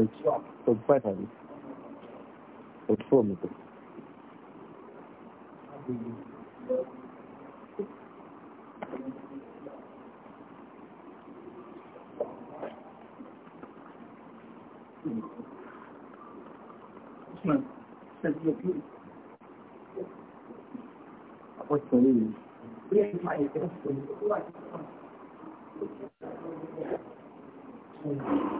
is forty-five àbí forty Thank you.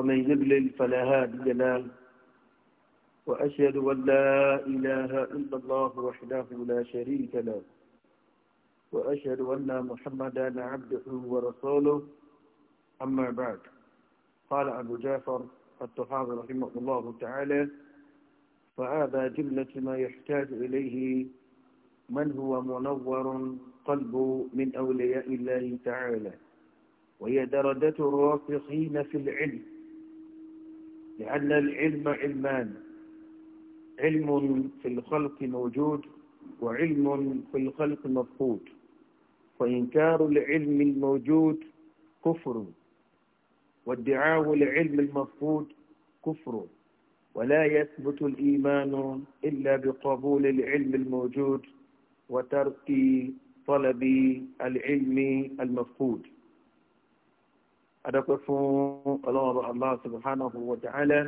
ومن يضلل فلا هادي له وأشهد أن لا إله إلا الله وحده لا شريك له وأشهد أن محمدا عبده ورسوله أما بعد قال أبو جعفر الطحاوي رحمه الله تعالى فهذا جملة ما يحتاج إليه من هو منور قلبه من أولياء الله تعالى وهي درجة الراسخين في العلم لأن العلم علمان علم في الخلق موجود وعلم في الخلق مفقود فإنكار العلم الموجود كفر وادعاء العلم المفقود كفر ولا يثبت الإيمان إلا بقبول العلم الموجود وترك طلب العلم المفقود adọ́pẹ́ fún ọlọ́run allah subhanahu wa ta'ala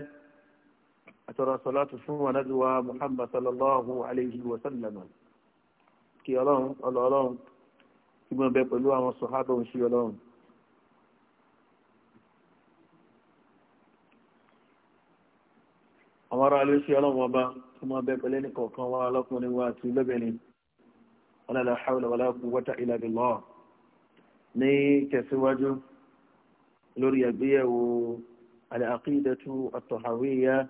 àtọ́rọ sọlátù fún anáduwa muhammad sallallahu alayhi wa sallam kí ọlọ́run ọlọ́run kí mọ̀ bẹ pẹ̀lú àwọn sọ̀hábà ń ṣe ọlọ́run àwọn ará ilé ṣe ọlọ́run ọba kí mọ̀ bẹ pẹ̀lú ẹnìkọ̀ọ̀kan wa ọlọ́kùnrin wa àti lóbìnrin wọn lọ́la hawla wala quwwata illa billah ní tẹ̀síwájú نوري البيع على عقيدة الطهاوية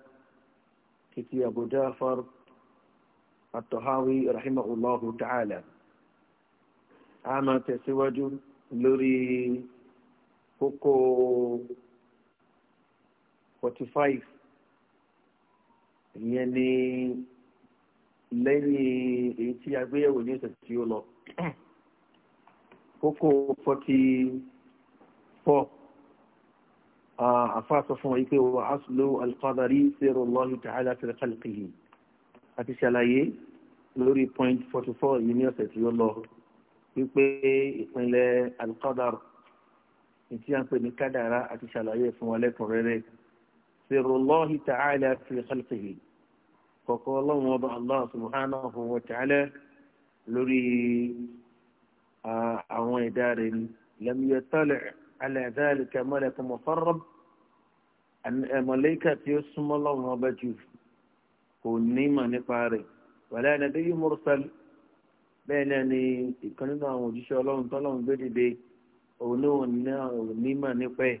كتي أبو جعفر الطهاوي رحمه الله تعالى عام تسواج نوري هكو 45 يعني lẹ́yìn èyí tí a gbé yẹ̀wò ní ìsẹ̀ tí ó lọ kókó 44 àfáà sọ fún wa pé wà á sùlọ alqadari sẹ́rọ lọ́yù tààlà fẹ́rẹ̀ kálíkìlì àti ṣàlàyé lórí point forty four yìí ní ọ̀sẹ̀ tí ó lọ wípé ìpínlẹ̀ alqadar ìtí à ń pè ní kádàrá àti ṣàlàyé fún wa lẹ́kùnrẹ́rẹ́ sẹ́rọ lọ́yù tààlà fẹ́rẹ̀ kálíkìlì kọ̀kọ́ ọlọ́run ọba allah subhanahu wa ta'ala lórí àwọn ẹ̀dá rẹ̀ lẹ́mìyẹ tọ́lẹ̀. على ذلك ملك مقرب ملائكة يسمى الله وبجوف ونيما نقاري ولا نبي مرسل bẹ́ẹ̀ ni ìkan nínú àwọn òjíṣẹ́ ọlọ́run tọ́lọ́run gbé dìde òun náà onímọ̀ nípa ẹ̀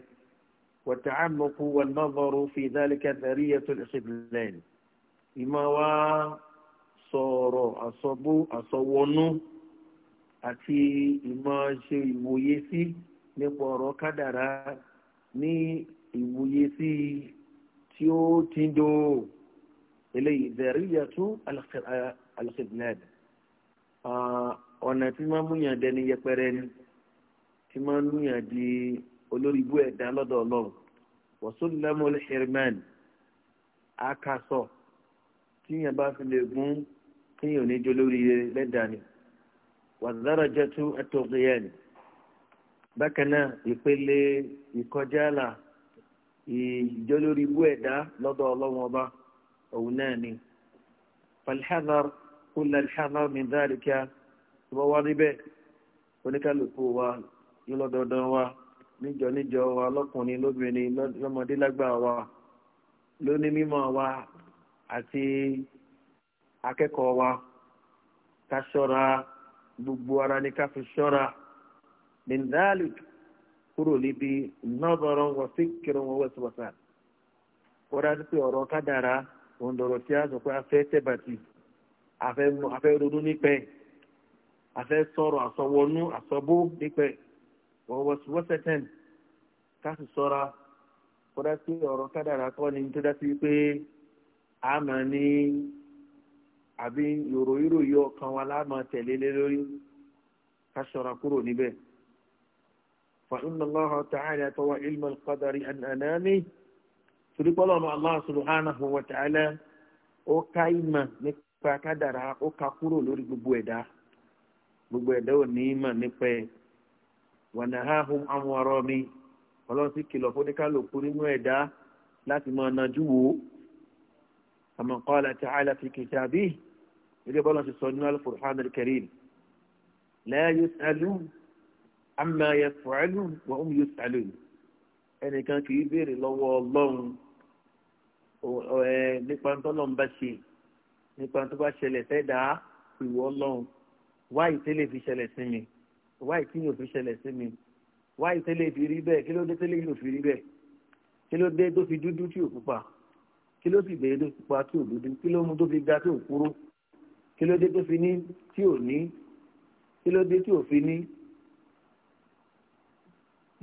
wọ̀tá àmọ́kú wọn náà lọ́rọ̀ fi ìdálẹ́kẹ́ tẹ̀rí ẹ̀ tó lè ṣe bìlẹ̀n ìmọ̀ wá sọ̀rọ̀ àsọ̀bó àsọ̀wọ́nú àti ìmọ̀ ṣe ìwòye sí nípa ọ̀rọ̀ kádàrá ní ìwúye sí tí ó ti ń do eléyìí dẹ̀ríyà tún alxidnad ọ̀nà tí máa ń múyàn dẹni yẹpẹrẹ ni tí máa ń múyàn di olórí ibú ẹ̀dá lọ́dọ̀ ọlọ́run wàsúlẹ̀mọ́ lẹ́hìrìmán akasọ tíyàn bá fi lè gún kíyàn oníjó lórí lẹ́dàá ni wàzára jẹ́tú ẹ̀tọ́ gbéyà ni bákan náà ìpele ìkọjáàlà ìjọlórí ibú ẹ̀dá lọ́dọ̀ ọlọ́wọ́n ọba òun náà ni falhazar kúlẹ̀ alhazar min dhalika tó bá wá níbẹ̀ oníkálukú wa lọ́dọọdún wa níjọ níjọ wa lọ́kùnrin lóbìnrin lọ́mọdé lágbà wa lóní mímọ́ wa àti akẹ́kọ̀ọ́ wa ká ṣọ́ra gbogbo ara ni ká fi ṣọ́ra min dhalik kúrò níbi nọ́bọ̀rọ̀ wọ sí kírun wọ́wọ́ síwọ́sà ó dájú pé ọ̀rọ̀ kádàrá òun dọ̀rọ̀ tí a sọ pé a fẹ́ tẹ̀bàtì a fẹ́ ronú nípẹ́ a fẹ́ sọ̀rọ̀ àsọwọnú àsọbó nípẹ́ wọ́wọ́ síwọ́sẹ̀ tẹ̀ ká sì sọ́ra ó dájú pé ọ̀rọ̀ kádàrá kọ́ ni tó dájú pé a máa ní àbí yòrò yòrò yọ ọkàn wa lá tẹ̀lé lé lórí ká ṣọ́ra kúrò níbẹ̀. فإن الله تعالى طوى علم القدر عن أنامه torípé ọlọ́run allah subhanahu wa ta'ala ó ká ìmọ̀ nípa kádàrá ó ká kúrò lórí gbogbo ẹ̀dá gbogbo ẹ̀dá ò ní ìmọ̀ nípa ẹ̀ wa nahahum àwọn ọ̀rọ̀ mi ọlọ́run sì kìlọ̀ fún oníkálukú nínú ẹ̀dá láti máa najú wò ó kama qala ta'ala fi kitabihi gẹ́gẹ́ bọ́lá ti sọ nínú al-Qur'an al-Karim la yus'alu àmà yẹfọ̀ọ́lù wọ́n mú yóò sàlẹ̀ ẹnìkan kì í béèrè lọ́wọ́ ọlọ́run nípa tó lọ́n bá ṣe nípa tó bá ṣẹlẹ̀ fẹ́ dá ìwọ ọlọ́run wáyé tẹ́lẹ̀ fi ṣẹlẹ̀ sí mi wáyé tí yóò fi ṣẹlẹ̀ sí mi wáyé tẹ́lẹ̀ fi rí bẹ́ẹ̀ kí ló dé tẹ́lẹ̀ yóò fi rí bẹ́ẹ̀ kí ló dé tó fi dúdú tí ò pupa kí ló sì bẹ̀rẹ̀ tó fi pupa tí ò dúdú kí ló mú tó fi ga tí ò kúrú kí ló dé tó fi ní tí ò ní kí ló dé tí ò fi ní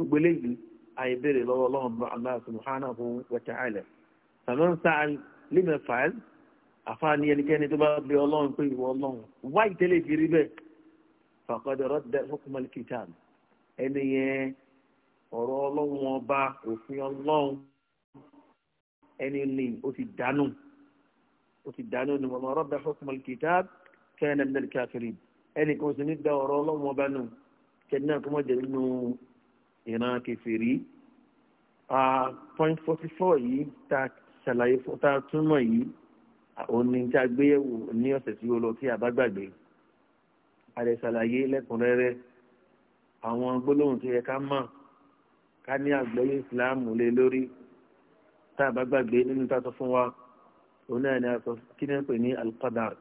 gbogbo eléyìí àìbèrè lọ́wọ́ ọlọ́run bá allah subhanahu wa ta'ala sàmán sáà lima fàáyé àfáàní ẹnikẹ́ni tó bá bẹ ọlọ́run pé ìwọ ọlọ́run wá ìtẹ́lẹ̀ fi rí bẹ́ẹ̀ faqad radda hukm al-kitab ẹni yẹn ọ̀rọ̀ ọlọ́run ọba òfin ọlọ́run ẹni lè ó ti dánú ó ti dánú ni wọn radda hukm al-kitab kana min ẹni kan sì ní da ọ̀rọ̀ ọlọ́run ọba nù kẹ́ni náà kó ìran kẹfìrí point forty four yìí tá ṣàlàyé fún tá túmọ̀ yìí òní tí a gbé ní ọ̀sẹ̀ tí ó lọ tí a bá gbàgbé àrẹ ṣàlàyé lẹ́kùnrẹ́rẹ́ àwọn gbólóhùn tó yẹ ká mọ̀ ká ní àgbọ́yé ìsìláàmù lé lórí tá a bá gbàgbé nínú tá a sọ fún wa òun náà ni a sọ kí ni wọ́n pè ní alqadar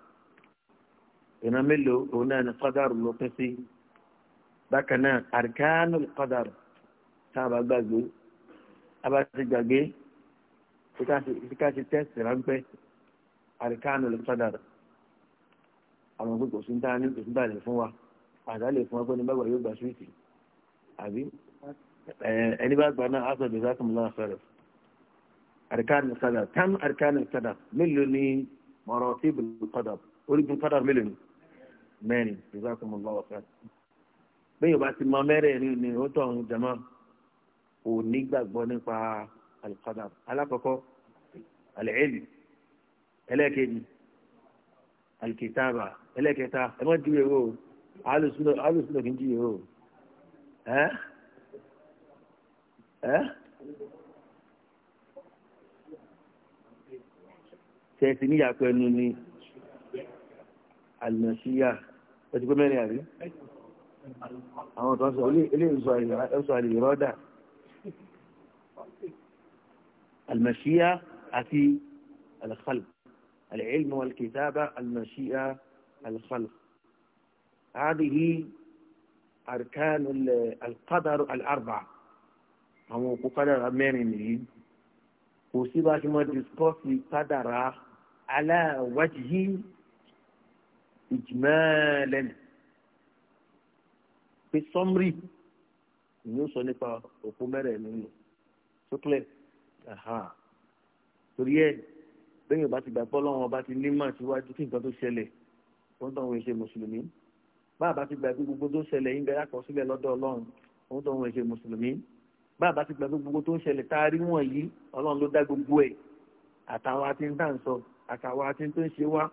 ìran mélòó òun náà ni qadar ló pín sí bákan náà arkanu alqadar tá a bá gbàgbé a bá ti gbàgbé kíká ṣe tẹ́sì ránpẹ́ àríkánu lè sọ́dà àwọn pé kò sí ń tá ní kò sí ń tà lè fún wa àdá lè fún wa pé ní bàbá yóò gba súwìtì àbí ẹni bá gba náà aṣọ ìjọba tó ń lọ àṣọ rẹ àríkánu sọ́dà tán àríkánu sọ́dà mélòó ni mọ̀rọ̀ tíbùlù sọ́dà orígun sọ́dà mélòó ni mẹ́rin ìjọba tó ń lọ bẹ́ẹ̀ yóò bá ti mọ mẹ́rin ni ó tọ̀ ò nígbàgbọ́ nípa al-qadar alákọ̀ọ́kọ́ al-ilm ẹlẹ́ẹ̀kejì al-kitaba ẹlẹ́ẹ̀kẹta ẹ má ju èrò alùsùnà kì í ju èrò ẹ́ ẹ́ tẹ̀sí níyàpọ̀ ẹnu ni alìmọ̀síyà ẹ ti pé mẹ́rin àrí àwọn tó ń sọ ilé ìsọ àlè rọ́dà المشيئة في الخلق العلم والكتابة المشيئة الخلق هذه أركان القدر الأربعة هم قدر أمينين وسيبا كما جسكوس قدر على وجه إجمالا في الصمري نيو سوني با اوكو ميري نيو torí ẹ lẹ́yìn ọba ti gbàgbọ́ lọ́wọ́ ọba ti ní màá síwájú kí nǹkan tó ṣẹlẹ̀ wọ́n tó ń wọ́n ṣe mùsùlùmí báàbá ti gbàgbé gbogbo tó ṣẹlẹ̀ yín bẹ́ẹ̀ àkọsílẹ̀ lọ́dọ̀ ọlọ́run wọ́n tó ń wọ́n ṣe mùsùlùmí báàbá ti gbàgbé gbogbo tó ṣẹlẹ̀ tá a rí wọ̀nyí ọlọ́run ló dá gbogbo ẹ̀ àtàwa ti ń tàn sọ àtàwa ti ń tó ń ṣe wá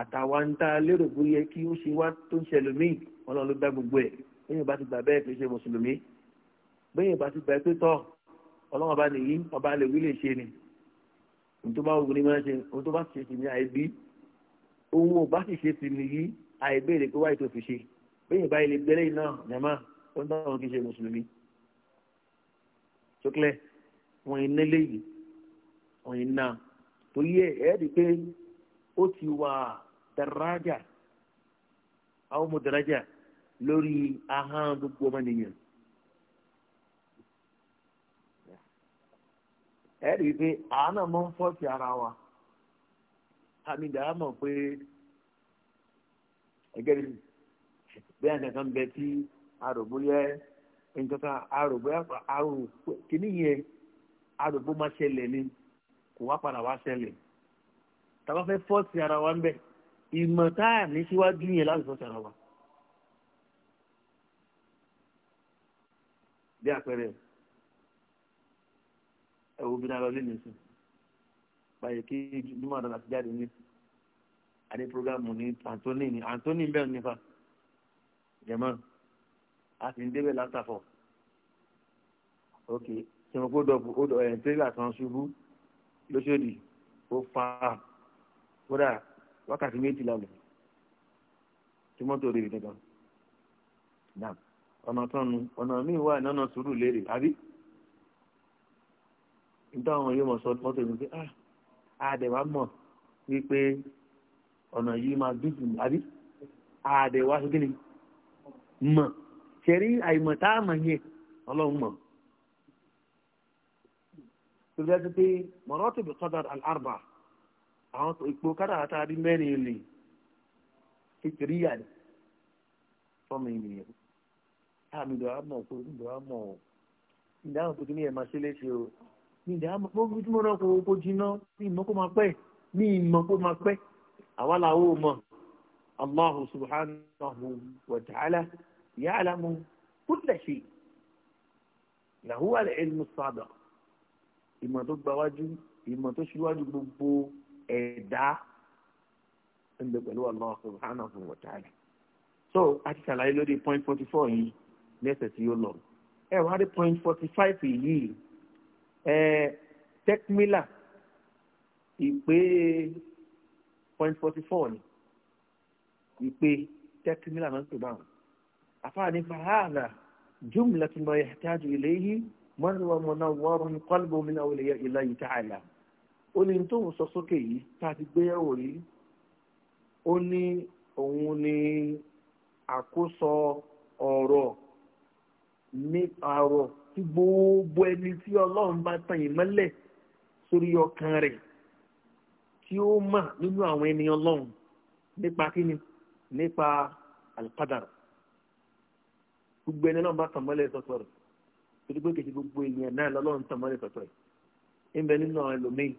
àtàwa ń tá a lérò bó yẹ kí ó ṣe wá tó ń ṣẹlẹ̀ míì ọlọ́run ló dá gbogbo ẹ̀ bẹ́ẹ̀ bá ti gbà bẹ́ẹ̀ kì í ṣe mùsùlùmí bẹ́ẹ̀ ọlọ́wọ́n bá nìyí ọba lè wí lè ṣe ni ohun tó bá wù ní máa ṣe ohun tó bá ṣe sí ní àìbí ohun ò bá sì ṣe sí nìyí àìbéèrè pé wáyé tó fi ṣe bẹ́ẹ̀ báyìí lè gbẹ́lẹ́ iná yàmá ó ń dáhùn kí ṣe mùsùlùmí ṣókẹ́lẹ́ wọn iná léyìí wọn iná torí ẹ ẹ rí i pé ó ti wà dàrájà àwọn ọmọ dàrájà lórí ahọ́n gbogbo ọmọ nìyẹn. a rí i pé àánà mọ́ ń fọ́ọ̀tì ara wa àmì ìdá mọ̀ pé ẹgẹ́ mi bí àǹkà kan bẹ tí arògbóyẹ nǹkan arògbóyẹ arò kìíní yẹn arògbó máa ṣẹlẹ̀ ni kò wá padà wá ṣẹlẹ̀ tàbá fẹ́ fọ́ọ̀tì ara wa ń bẹ̀ ìmọ̀ ní síwájú yẹn láti wa. ẹ̀wọ̀n bí náà lé nìsín báyìí kí jùmọ̀ àdàlà ti jáde ní adé programu ní Anthony ní Anthony bẹ́ẹ̀ nípa jẹ̀mọ́ a sì ń débẹ̀ látàfọ̀ ok sọ̀rọ̀ kó dọ̀ kó dọ̀ ẹ̀yìn tẹ́lẹ̀ àtàn ṣubú lóṣòdì ó fa kódà wákàtí méjìlá lọ tí mọ́tò rèé nìkan ọ̀nà tán nu ọ̀nà míì wà nánà sùúrù lérè àbí nítorí àwọn yóò mọ̀ sọ mọ́tò yìí pé ah àdẹ̀wà mọ̀ wípé ọ̀nà yìí máa dùdù àbí àdẹ̀wà ṣe kíni mọ̀ ṣẹ̀rí àìmọ̀ tá a mọ̀ yẹn ọlọ́run mọ̀. tó dájú pé mọ̀rọ́tò bí kọ́dàr al-arba àwọn ipò kádàrà tá a rí mẹ́rin lè kékeré ni fọ́ọ̀mù ènìyàn àmì ìdọ̀wà mọ̀ kó ìdọ̀wà mọ̀ ìdáhùn tó kí ni ẹ̀ máa ṣe léṣe o ní ìdá mọ́ bí tí mo rán kó kó jiná ní ìmọ̀ kó máa pẹ́ ní ìmọ̀ kó máa pẹ́ àwa làwọn ò mọ̀ allahu subhanahu wa ta'ala ya'lamu kulla shay lahu al-ilmu sabiq ìmọ̀ tó gbáwájú ìmọ̀ tó ṣíwájú gbogbo ẹ̀dá ń bẹ pẹ̀lú allah subhanahu wa ta'ala so a ti ṣàlàyé lórí point forty four yìí lẹ́sẹ̀ tí ó lọ ẹ̀ wá rí point forty five yìí. tecmila ìpè point forty four ni ìpè tecmila náà ń pè báwọn àfààní fàhálà jùmùlá ya mo yẹ tájú ilé yìí mọ́nàwá mọ́nà mi náà wọlé ilé yìí ta'ala ó ní tó ń sọ sókè yìí tá ti gbéyàwó rí ó ní òun ni àkóso ọ̀rọ̀ ní tí gbogbo ẹni tí ọlọ́run bá tan ìmọ́lẹ̀ sórí ọkàn rẹ̀ tí ó mà nínú àwọn ẹni ọlọ́run nípa kíni nípa alqadar gbogbo ẹni ọlọ́run bá tan mọ́lẹ̀ sọ̀tọ̀ rẹ̀ torí pé kìí ṣe gbogbo ènìyàn náà lọ́lọ́run tan mọ́lẹ̀ sọ̀tọ̀ rẹ̀ ń nínú àwọn ẹlòmíì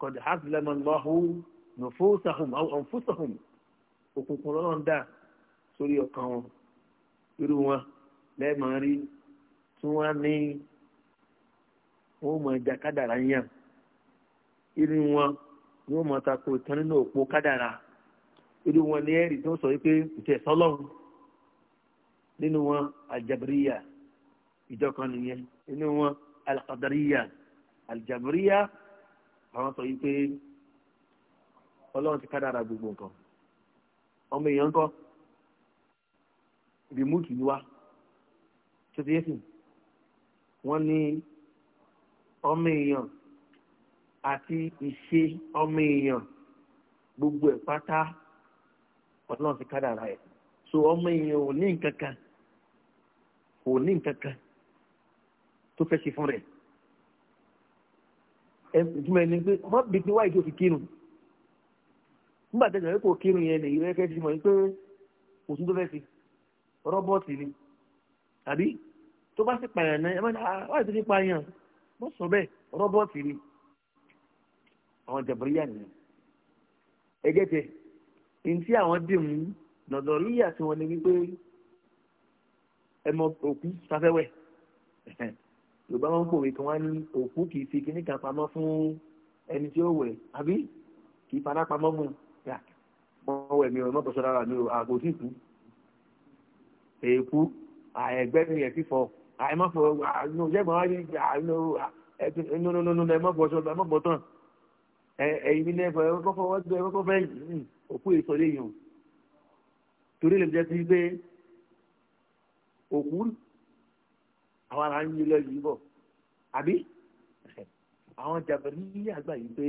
kọ̀dà hàbìlẹ́mọ̀ lọ́hùn nùfúsàhùn òkùnkùn lọ́lọ́run dà sórí ọkàn wọn irú wọn lẹ́ẹ̀mọ́ tí wọ́n ní wọ́n mọ ẹja kádàrá yàn irú wọn ni wọ́n mọ tako ìtàn nínú òpó kádàrá irú wọn ní ẹ̀rí tó sọ wípé ìtẹ̀sọ́lọ́run nínú wọn àjàbíríyà kan nìyẹn nínú wọn alqadariya aljabiriya àwọn sọ yìí ọlọ́run ti kádàrà gbogbo nǹkan ọmọ èèyàn ń kọ́ rìmúùtù ni tó ti sìn wọ́n ní ọmọ èèyàn àti ìṣe gbogbo ẹ̀ pátá ọlọ́run ti ẹ̀ so ọmọ èèyàn ò ní nǹkan kan ò ní nǹkan kan tó fẹ́ ṣe fún rẹ̀ ẹ jùmọ̀ ẹni pé wáyé tó fi kírun nígbà tẹ̀sán kò kírun yẹn lè yẹ kẹ́ ti mọ̀ pé kò tó ni tó bá sì pààyàn náà ẹ má dáa wáyé tó fi pààyàn sọ bẹ́ẹ̀ rọ́bọ́ọ̀tì ni àwọn jàbúrìyà nìyẹn ẹgẹ́ tẹ ntí àwọn dìmú nọ̀dọ̀ríyà tí wọ́n ní wípé ẹmọ òkú sáfẹ́wẹ̀ yorùbá wọn pòwe kí wọ́n ní òkú kì í fi kíní kan pamọ́ fún ẹni tí ó wẹ̀ àbí kì í paná pamọ́ fún yà wọ́n wẹ̀ mí o mọ́tò sọ́dọ̀ mi o àgò tí kú èèkú àẹ̀gbẹ́ mi ẹ̀ fífọ́ àìmọ́fọ̀ àìnú jẹ́gbọ̀n wáyé àìnú nínú ẹ̀mọ́fọ̀ ṣọlọ ẹ̀mọ́fọ̀ tán ẹ̀yìn mi lẹ́fọ̀ ẹ̀kọ́fọ̀ wọ́dọ̀ ẹ̀kọ́fọ̀ ẹ̀yìn òkú ìsọ̀lẹ̀ yìí torí lè jẹ́ sí pé òkú àwọn ará ń yí lọ yìí bọ̀ àbí àwọn jàbẹ̀rí àgbà yìí pé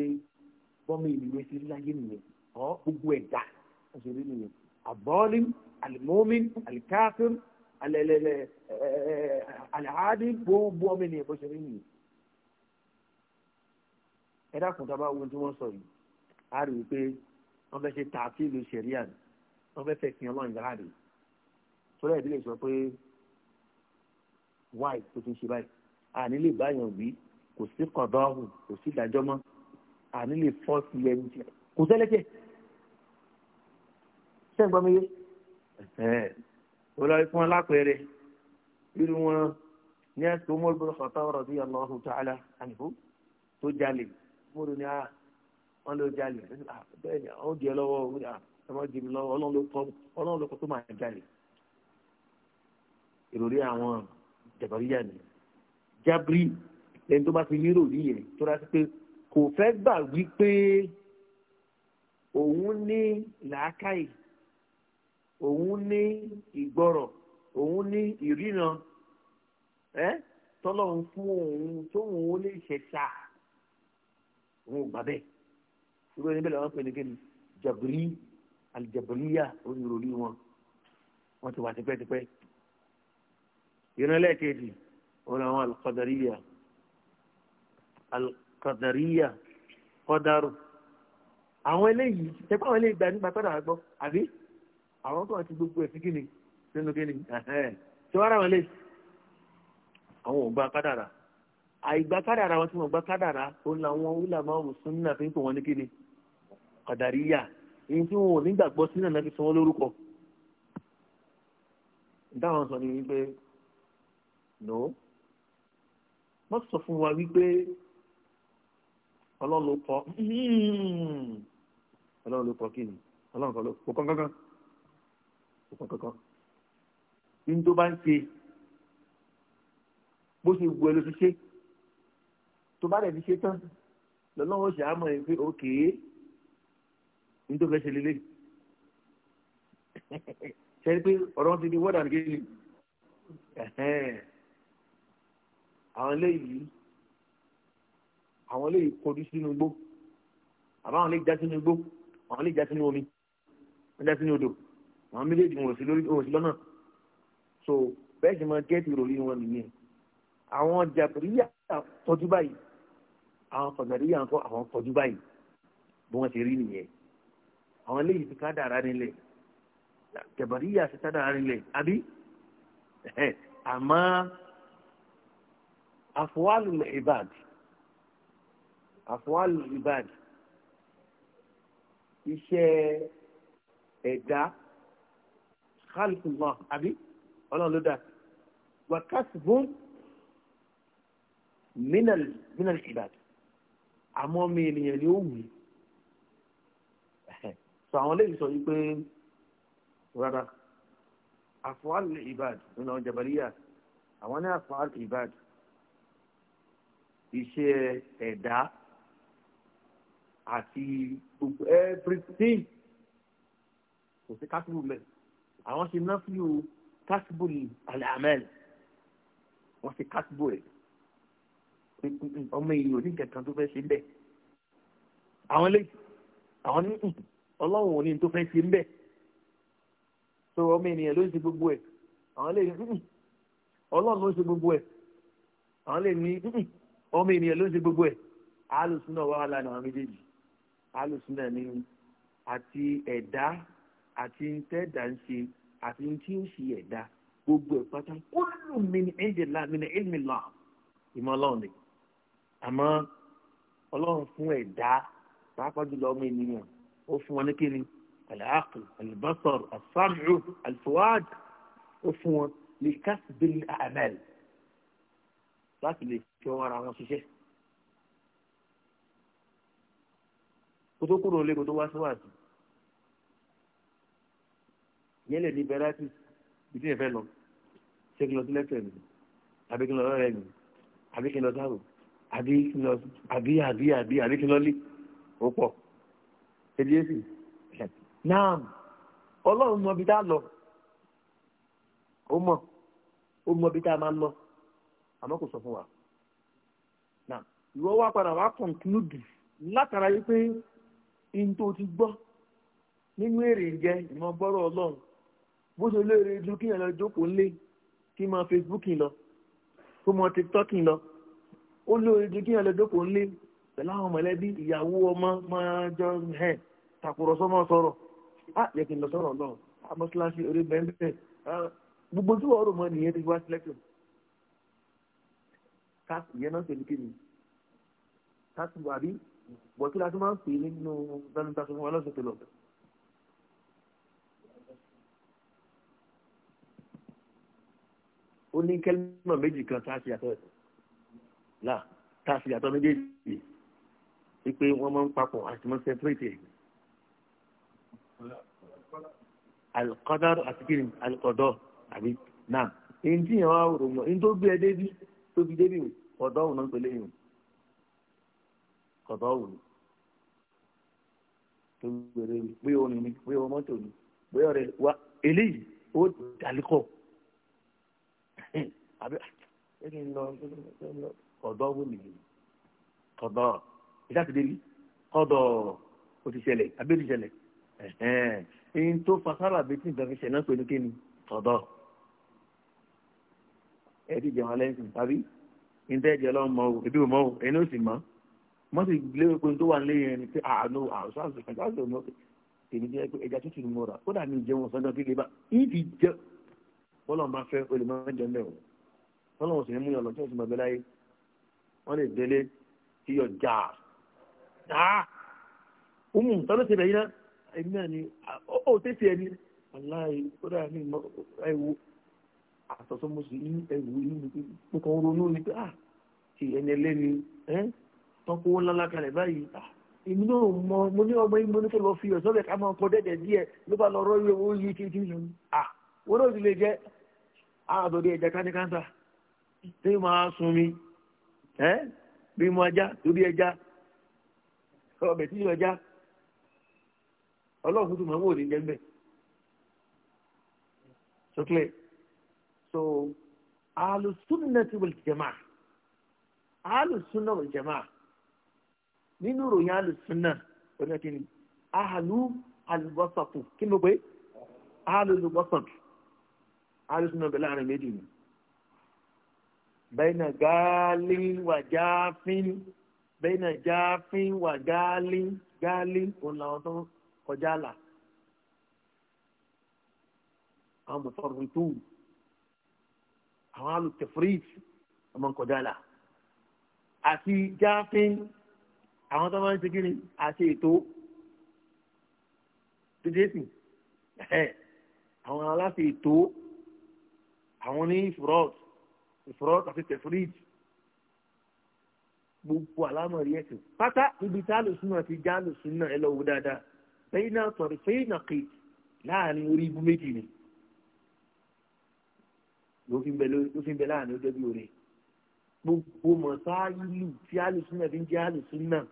bọ́mọ ìlúwe sí láyé nìyẹn ọ gbogbo ẹ̀dá òṣèré nìyẹn àbọ́ọ́lì àlùmọ́ọ́mì àlùkáfíìn alẹ́lẹ́lẹ́ àlàáde eh, gbogbo ọmọ ènìyàn bó ṣe rí nìyí ẹ dákun tá a bá wo tí wọ́n sọ yìí a rí i pé wọ́n fẹ́ ṣe tààtì ìlú sẹ̀ríà wọ́n fẹ́ fẹ́ fi ọlọ́run yàrá rè torí ẹ̀bí lè sọ pé wáì tó ti ṣe báyìí àní lè báyàn wí kò sí kọ̀dọ́ọ̀hù kò sí ìdájọ́ mọ́ àní lè fọ́ sí ẹni tí kò sẹ́lẹ̀kẹ̀ sẹ́ǹgbọ́n mi yé olórí fún alápẹẹrẹ irú wọn ní ẹsẹ Umar bin Khattab radiyallahu ta'ala anhu tó jalè Umar ah, ní a ah, wọn ló jalè bẹ́ẹ̀ ni àwọn jẹ lọ́wọ́ ọmọ ah, jẹ mi lọ́wọ́ Ọlọ́run ló kọ tó máa jalè ìròrí àwọn jàbáríyà ni jábírí lẹni tó bá fi nírò rí yẹn tó rà sí pé kò fẹ́ gbà wípé òun ní làákàyè òun ní ìgbọ́rọ̀ òun ní ìríran ẹ́ tọ́lọ́run fún òun tóun ó lè ṣẹ̀ṣà òun ò gbà bẹ́ẹ̀ irú ẹni bẹ́ẹ̀ làwọn pè ní kí ni jàbírí àlìjàbíríyà onírúurú wọn wọn ti wà tipẹ́tipẹ́ ìrànlẹ́ kejì òun làwọn alùpàdàríyà alùpàdàríyà kọ́dárò àwọn eléyìí tẹ́kọ̀ àwọn eléyìí gbà nígbà padà gbọ́ àbí àwọn tó àti gbogbo ẹ̀ sí kíni nínú kíni tí wọ́n rà wọ́n lé àwọn ò gba kádàrà àìgbà kádàrà wọn tí wọ́n gba kádàrà ó ń la wọn wúlà máa wù sún náà fi ń pè wọ́n ní kíni kàdàríyà èyí tí wọn ò ní gbàgbọ́ sí náà fi sọ wọ́n lórúkọ. dáhùn sọ ni wípé no wọ́n sọ fún wa wípé ọlọ́run ló kọ́ hmm. ọlọ́run ló kọ́ kíni ọlọ́run kọ́ ló kọ́ kankan òpin kankan ní tó bá ń ṣe bó ṣe wù ẹ ló fi ṣe tó bá dẹ̀ fi ṣe tán lọ́lọ́wọ́ ṣe àmọ́ ẹ pé òkè ní tó fẹ́ ṣe lélẹ̀ ṣe pé ọ̀rọ̀ ti di wọ́dà ni àwọn eléyìí àwọn eléyìí kọjú sínú igbó àbáwọn eléyìí já sínú igbó àwọn eléyìí já sínú omi wọ́n já sínú odò àwọn méjèèjì wọn ò sí lọ́nà so bẹ́ẹ̀ sì máa gẹ́ẹ̀tì ìròyìn wọn nìyẹn àwọn jàpìríyà tọ́jú báyìí àwọn kọ̀dàríyà ńkọ́ àwọn tọ́jú báyìí bí wọ́n ti rí nìyẹn àwọn eléyìí ti ká dára nílẹ̀ jàpìríyà ti ká dára nílẹ̀ àbí àmọ́ àfọwálù ìbàdí àfọwálù ìbàdí iṣẹ́ ẹ̀dá. E khalqullah àbí ọlọ́run ló dá wa kasbun minal minal ibad àmọ́ mi ènìyàn ni ó wù sọ àwọn léyìí sọ yìí pé rárá àfọ́àlì ibad nínú àwọn jabaliya àwọn ní àfọ́àlì ibad iṣẹ́ ẹ̀dá àti gbogbo everything kò sí kásìlú mẹ́rin àwọn ṣe náfíù kásìbòlì àlàmẹ́lì wọ́n ṣe kásìbò ẹ̀ ọmọ èèyàn oníkẹ̀kan tó fẹ́ ṣe ń bẹ̀ àwọn lè àwọn ní ọlọ́run òní tó fẹ́ ṣe ń bẹ̀ so ọmọ ènìyàn ló ń ṣe gbogbo ẹ̀ àwọn lè ní ọlọ́run ló ń ṣe gbogbo ẹ̀ àwọn lè ní ọmọ ènìyàn ló ń ṣe gbogbo ẹ̀ àálùsùn náà wà lánàá àwọn méjèèjì àálùsùn náà ní àti ẹ̀dá àti ntẹ́dà ń ṣe àti ntí ó ṣe ẹ̀dá gbogbo ẹ̀ pátá kúlù min indillah min ilmillah ìmọ̀ ọlọ́run ni àmọ́ ọlọ́run fún ẹ̀dá pàápàá jùlọ ọmọ ènìyàn ó fún wọn ní kíni al-aql al-basar al-fuad ó fún wọn li kasbil a'mal láti lè fi ọwọ́ ara wọn ṣiṣẹ́ kótókóró lé kótó wá síwájú yẹn lè ní bẹ̀rẹ̀tìs bí tí yẹn fẹ́ lọ ṣé kí lọ sí lẹ́kṣọ̀ nìyẹn àbí kí lọ rẹ̀ nìyẹn àbí kí lọ sáàrò àbí kí lọ àbí àbí àbí àbí kí lọ lé ó pọ̀ ṣèlú èsì náà ọlọ́run mọ ibi tá a lọ ó mọ ó mọ tá a máa lọ àmọ́ kò sọ fún wa náà ìwọ wá padà wá kọ̀ǹkúlùdù látara yìí pé n ti gbọ́ nínú èrè ń jẹ ìmọ̀ gbọ́rọ̀ ọlọ́run bó ṣe lóore ju kí èèyàn lọ jókòó ńlé kí máa facebook lọ kó máa tiktok lọ ó lóore ju kí èèyàn lọ jókòó ńlé pẹ̀lú àwọn mọ̀lẹ́bí ìyàwó ọmọ máa jọ ẹ̀ tàkùrọ̀sọ máa sọ̀rọ̀ á yẹ kí n lọ sọ̀rọ̀ náà á mọ́ṣáláṣí orí bẹ́ẹ̀ gbogbo tí wọ́n rò mọ́ nìyẹn ti wá selection káàkì yẹn náà ṣe ní kíni káàkì wà bí bọ̀tí la ti máa ń pè nínú bẹ́ẹ̀ ní ta sọ fún wa lọ́sọ̀tò lọ́sọ̀tò. ó ní kẹ́límọ̀ méjì kan tá a ṣe yàtọ̀ là tá a ṣe yàtọ̀ méjèèjì wípé wọ́n máa ń papọ̀ àti máa ń sẹ́pẹ́rẹ́tì alikọdọrọ àti kiri alikọdọ àbí náà èyí tí yẹn wá rò mọ èyí tó gbé ẹ débi tó fi débi ọdọ òun náà gbélé yìí kọdọ òun tó gbélé e yìí pé orin ni pé ọmọ tòun pé ọ̀rẹ́ wa eléyìí ó dàlíkọ àbí ẹ kì í lọ ọ̀dọ́ wò nìyí kọ̀dọ̀ ìdásídé rí kọ̀dọ̀ òtíṣẹlẹ̀ àbí òtíṣẹlẹ̀ ẹ̀hẹ́n ẹ̀yìn tó fasára àbí tí nǹkan fi ṣẹ̀ náà pé ní kíni kọ̀dọ̀ ẹ̀ẹ́dì jẹun alẹ́ sùn tàbí níta ẹ̀jẹ̀ lọ́wọ́ mọ́ o ebi ò mọ́ o ẹ̀yin ó sì mọ́ mọ́ sì lérò pé tó wà nílé yẹn ni pé àánú àwòsàn àti ìfẹ̀sàṣẹ̀ ò mọ́ tèmi jẹ́ pé ẹja tútù ni mo rà kódà mi jẹun ọ̀sán dán kí lè bá ìdí jẹ́ bọ́lọ̀ máa fẹ́ olè máa jẹun bẹ́ẹ̀ o wọn lọ́wọ́ sì ní múyàn lọ tí wọ́n sì mọ̀ bẹ́ẹ̀ láyé wọ́n lè délé kí yọ jà á umu tọ́lọ́ ti bẹ̀yìn náà èmi náà ni ó tẹ́sí ẹni aláì ó dára ní ẹwu àtọ̀sọ́mọsí ní ẹwu inú mi kò ronú ni pé ah kì ẹni ẹlẹ́ni ẹ́ tọ́kọ́ wọn lálá kalẹ̀ báyìí ah èmi náà mọ mo ní ọmọ yìí mo ní kó lọ fi ọ̀sọ́ bẹ̀ ká máa kọ dẹ́dẹ̀ díẹ̀ ló bá lọ rọ́ ìwé owó yìí kékeré ah wọ́n náà ti lè jẹ́ ah, àbọ̀dé ẹ̀jẹ̀ ká ní káńtà tí máa sunmi ẹ́ bí mo ajá torí ẹja ọbẹ̀ tí yóò ẹja ọlọ́run tó máa ń wò ní jẹ́ńbẹ̀ sọ́kẹ́ so alùsùnmùnà ti wọlé jẹ̀mà alùsùnmùnà wọlé jẹ̀mà nínú ìròyìn alùsùnmùnà wọlé kìíní ahàlù alùbọ́sọ̀tù kí ni mo pè é alùbọ́sọ̀tù alùsùnmùnà bẹ̀rẹ̀ àrùn méjì nìyí bẹ́ẹ̀nà gáálí wà jáfín bẹ́ẹ̀nà jáfín wà gáálí gáálí òun làwọn tó kọjá là àwọn mùsọ̀rùtù àwọn alùtẹ̀fríìt ọmọ kọjá là àti jáfín àwọn tó máa ń ṣe kí ni àti ìfọ̀rọ̀ àti tẹ̀fúríjì gbogbo àlámọ̀ rí ẹ̀sìn pátá ibi tá lòsùn náà ti já lòsùn náà ẹ lọ wo dáadáa lẹ́yìn náà sọ̀rọ̀ fẹ́yìn náà kì láàrin orí ibú méjì ni ló fi ń bẹ láàrin ọjọ́ bí orin gbogbo mọ̀sáàlù tí alùsùn náà fi ń jẹ́ alùsùn náà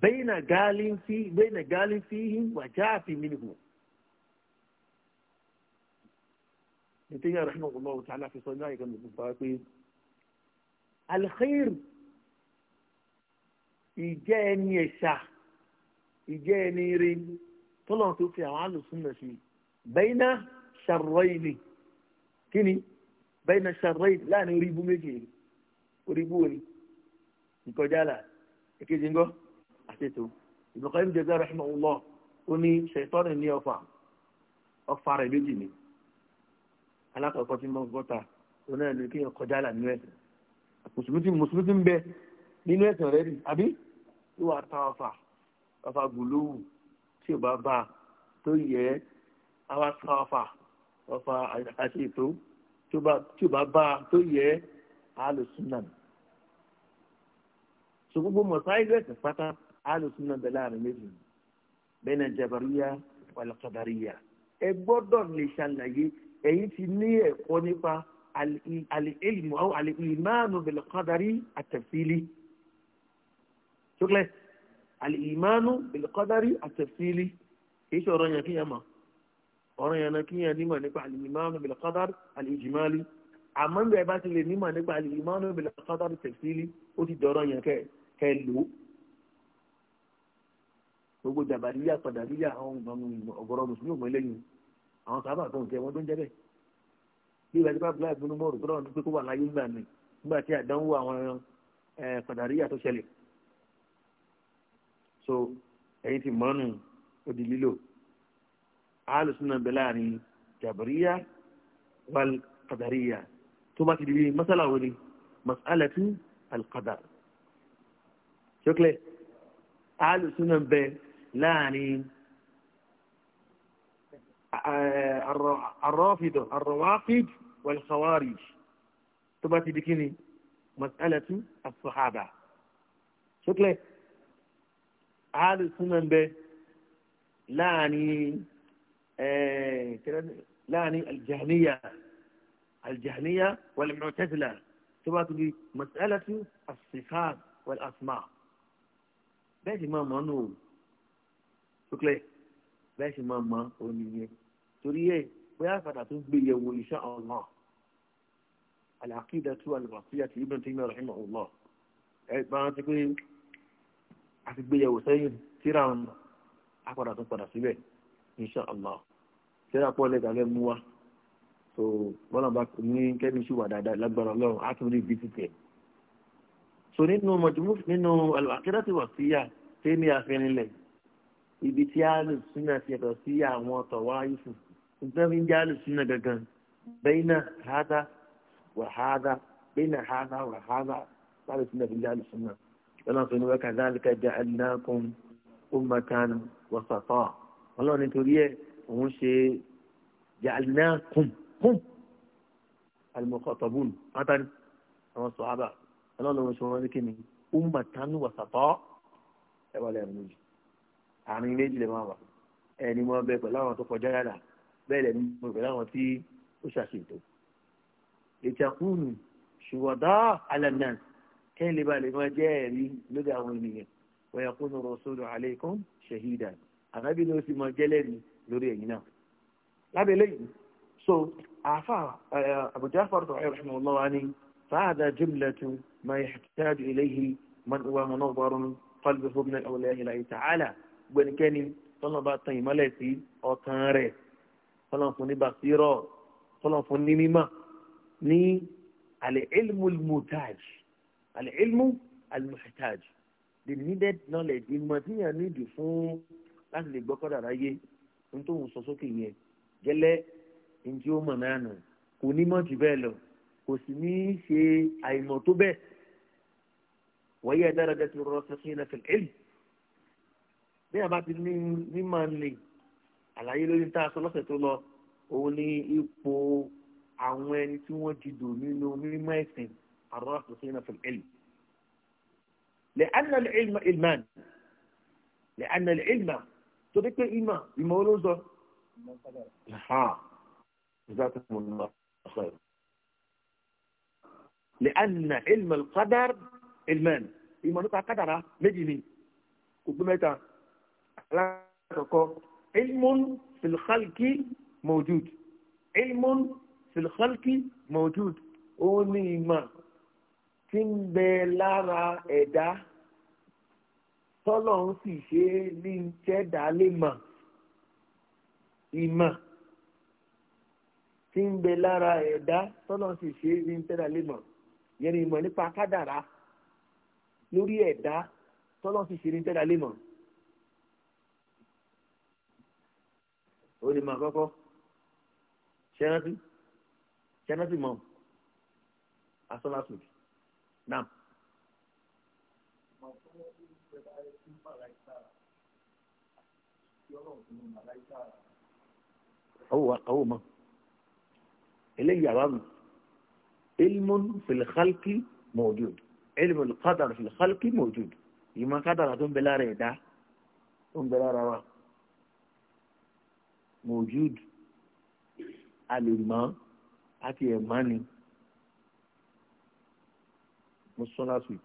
bẹ́yìn náà gáálí ń fi bẹ́yìn náà gáálí ń fi hìn wàjá àfi mìíràn níteyà rahimahullahu ta'ala fi sọ ní àyíká nìkan sọ pé alkhair ìjẹ́ ẹni ẹ̀ṣà ìjẹ́ ẹni rí tọ́lọ̀ tó fi àwọn alùsùnà sí bayna sharrayni kí ni bayna sharrayni láàrin orí ibú méjì orí ibú òní nkọjá là èkejì ńgọ́ àtètò Ibn Qayyim jazaa rahimahullah ó ní ṣètọ́nì ní ọfà ọfà rẹ̀ méjì ni alákọ̀ọ́kọ́ tí mọ́ gọ́ta òun náà ní kí èèyàn kọjá là nínú ẹ̀sìn mùsùlùmí ti ń bẹ nínú ẹ̀sìn rẹ̀ rí àbí ìwà ta ọfà ọfà gùlówù tí ò bá bá tó yẹ àwa ta ọfà ọfà àti ètò tí ò bá bá tó yẹ àlùsùnà so gbogbo mọ̀sáìlì ẹ̀sìn pátá àlùsùnà bẹ̀ láàrin méjì bẹ́ẹ̀ náà jabaríyà wàlẹ̀ ẹ gbọ́dọ̀ lè ṣàlàyé ẹ̀yin ti ní ẹ̀kọ́ nípa alìlmù àwọn alìmánu bil qadari at-tafsili ṣókẹ́lẹ̀ alìmánu bil qadari at-tafsili kìí ṣe ọ̀rọ̀ yẹn kí yẹn mọ̀ ọ̀rọ̀ yẹn kí yẹn nímọ̀ nípa alìmánu bil qadari al-ijmali àmọ́ ń bẹ́ẹ̀ bá ti lè nímọ̀ nípa alìmánu bil qadari ó ti dọ̀rọ̀ yẹn kẹ́ lò ó gbogbo jàbàdíyà padà àwọn sábà tó ń jẹ wọn tó ń jẹ bẹ́ẹ̀ bí ìwà ìjọba abdullahi bin umaru tó lọ́wọ́ pé kó wà láyé ńgbà mi nígbà tí àdánwò àwọn pàdàríyà tó ṣẹlẹ̀ so ẹ̀yin ti mọ́nù odi lílò alùsùnà bẹ̀ láàrin jàbíríyà wal pàdàríyà tó bá ti di bíi masala wo ni masalatu alqadar ṣókè alùsùnà bẹ̀ láàrin. آه، الرافضة الروافض والخوارج تبقى بكيني مسألة الصحابة شكرا هذا السنن به لاني آه، لاني الجهنية الجهنية والمعتزلة تبقى مسألة الصفات والأسماء بيجي ما منو شكرا بيجي ما ونيه torí ẹ̀ bóyá padà tó gbé yẹ̀wò insha Allah al-aqidatu al-wasiyya ti Ibn Taymiyyah rahimahullah ẹ bá wọn ti pé a ti gbé yẹ̀wò sẹ́yìn tíra ń a padà tó padà síbẹ̀ insha Allah tíra pọ̀ lẹ́gàá lẹ́ mú wa so bọ́lá bá ní kẹ́mi wà dáadáa lágbára ọlọ́run á tún rí bí ti tẹ̀ nínú mọ̀júmú nínú al-aqidatu al-wasiyya tẹ́mi àfẹnilẹ̀ ibi tí a lè súnmọ́ àti ẹ̀tọ́ sí àwọn ọ̀tọ̀ wáyé fún nǹkan fi ń já lùsùnà gangan bẹ́ẹ̀nà hádà wà hádà bẹ́ẹ̀nà hádà wà hádà láti sùnà fi ń já lùsùnà ọlọ́run fi ní wákà zálìkà já aláàkùn ummatan wasata ọlọ́run nítorí ẹ̀ òun ṣe já aláàkùn kùn almuqatabun pátánì àwọn sọ̀hábà ọlọ́run ṣe wọ́n ní kíni ummatan wasata ẹ̀wọ̀n lẹ́yìn méjì àárín méjì lè máa wà ẹni mọ́ bẹ́ẹ̀ pẹ̀lú àwọn tó kọjá yàrá bẹ́ẹ̀ lẹ́nu mo pẹ̀lú àwọn tí ó ṣàṣètò ìtàkùnù ṣùwọ́dá alẹ́nà kẹ́ lè ba lè máa jẹ́ ẹ̀rí lórí àwọn ènìyàn wọ́n kún un rọ̀ṣọ́lù alaykum ṣahida àbábí ni ó sì máa jẹ́lẹ́rìí lórí ẹ̀yìn náà. lábẹ́ lẹ́yìn so àáfà Abu Ja'far At-Tahawi rahimahullah wa ni fàádà jumlatu ma yahtaju ilayhi man huwa munawwarun qalbuhu min awliya Allah ta'ala gbẹnikẹ́ni tọ́nà bá tan ìmọ́lẹ̀ sí ọkàn rẹ̀ ọlọ́run fún ní basirọ ọlọ́run fún ní mímọ̀ ní al-ilmu al-muhtaj al-ilmu al-muhtaj the needed knowledge ìmọ̀ tí yàn nídì fún láti lè gbọ́kọ̀dà ráyé ní tó ń sọ sókè yẹn gẹ́lẹ́ ǹjẹ́ ó mọ̀ náà nù kò ní mọ̀ jù bẹ́ẹ̀ lọ kò sì ní í ṣe àìmọ̀ tó bẹ́ẹ̀ wọ́n yẹ dáradá ti rọ sẹ́sìn náà fil bí a bá ti ní mímọ̀ nìyí àlàyé lórí tá a sọ lọ́sẹ̀ tó lọ òun ní ipò àwọn ẹni tí wọ́n ti dò nínú mímọ́ ẹ̀sìn àrùn àtúnṣe náà fún ẹ̀lì. lẹ́ẹ̀nà ìlmà ìlmàn lẹ́ẹ̀nà ìlmà tó dé pé ìmọ̀ ìmọ̀ olóńsọ. لأن علم القدر علمان ìmọ̀ nípa kádàrá méjì ni kò gbé mẹ́ta alákọ̀ọ́kọ́ ilmun في khalqi موجود ilmun في khalqi موجود òun ni ìmọ̀ tí ń bẹ lára ẹ̀dá tọ́lọ́run sì ṣe ní tẹ́dá lè mọ̀ ìmọ̀ tí ń bẹ lára ẹ̀dá tọ́lọ́run sì ṣe ní tẹ́dá lè mọ̀ yẹn ni ìmọ̀ nípa kádàrá lórí ẹ̀dá tọ́lọ́run sì ṣe ní tẹ́dá lè mọ̀. ó lè máa kọ́kọ́ ṣẹ́rántí ṣẹ́rántí mọ́ asọ́lásù náà. ọwọ́ mọ́ eléyìí àbámu ilmun filhalki mọ̀ọ́dúdú ilmun kadàrú filhalki mọ̀ọ́dúdú ìmọ̀ kadàrú tó ń bẹ lára ẹ̀dá tó ń bẹ lára wa mojud a lè mọ̀ àti ẹ̀mọ́ ni mo sún last week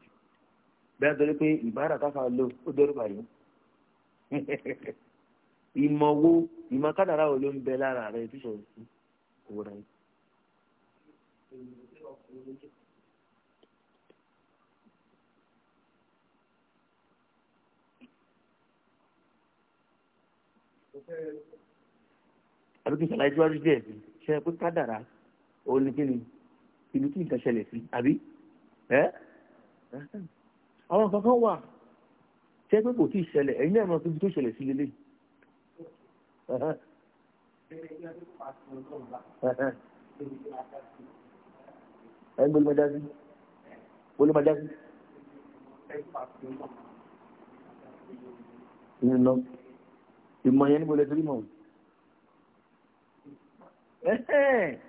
bẹ́ẹ̀ torí pé ìbára káfà lò ó dẹ́rù báyìí ìmọ̀ wo ìmọ̀ kádàrá wo ló ń bẹ lára rẹ tí sọ̀rọ̀ sí owó rẹ. Okay àbí kí n ṣàlàyé síwájú díẹ̀ sí ṣe pé kádàrá òun ni kí ni ibi tí nǹkan ṣẹlẹ̀ sí àbí ẹ́ àwọn nǹkan kan wà ṣe pé kò tí ì ṣẹlẹ̀ ẹ̀yin náà mọ̀ pé ibi tó ṣẹlẹ̀ sí lélẹ̀ ẹgbẹ́ olùmọ̀dájú olùmọ̀dájú ìrìnà ìmọ̀ yẹn níbo lẹ́tọ́rí mọ̀ ọ́n. Eh,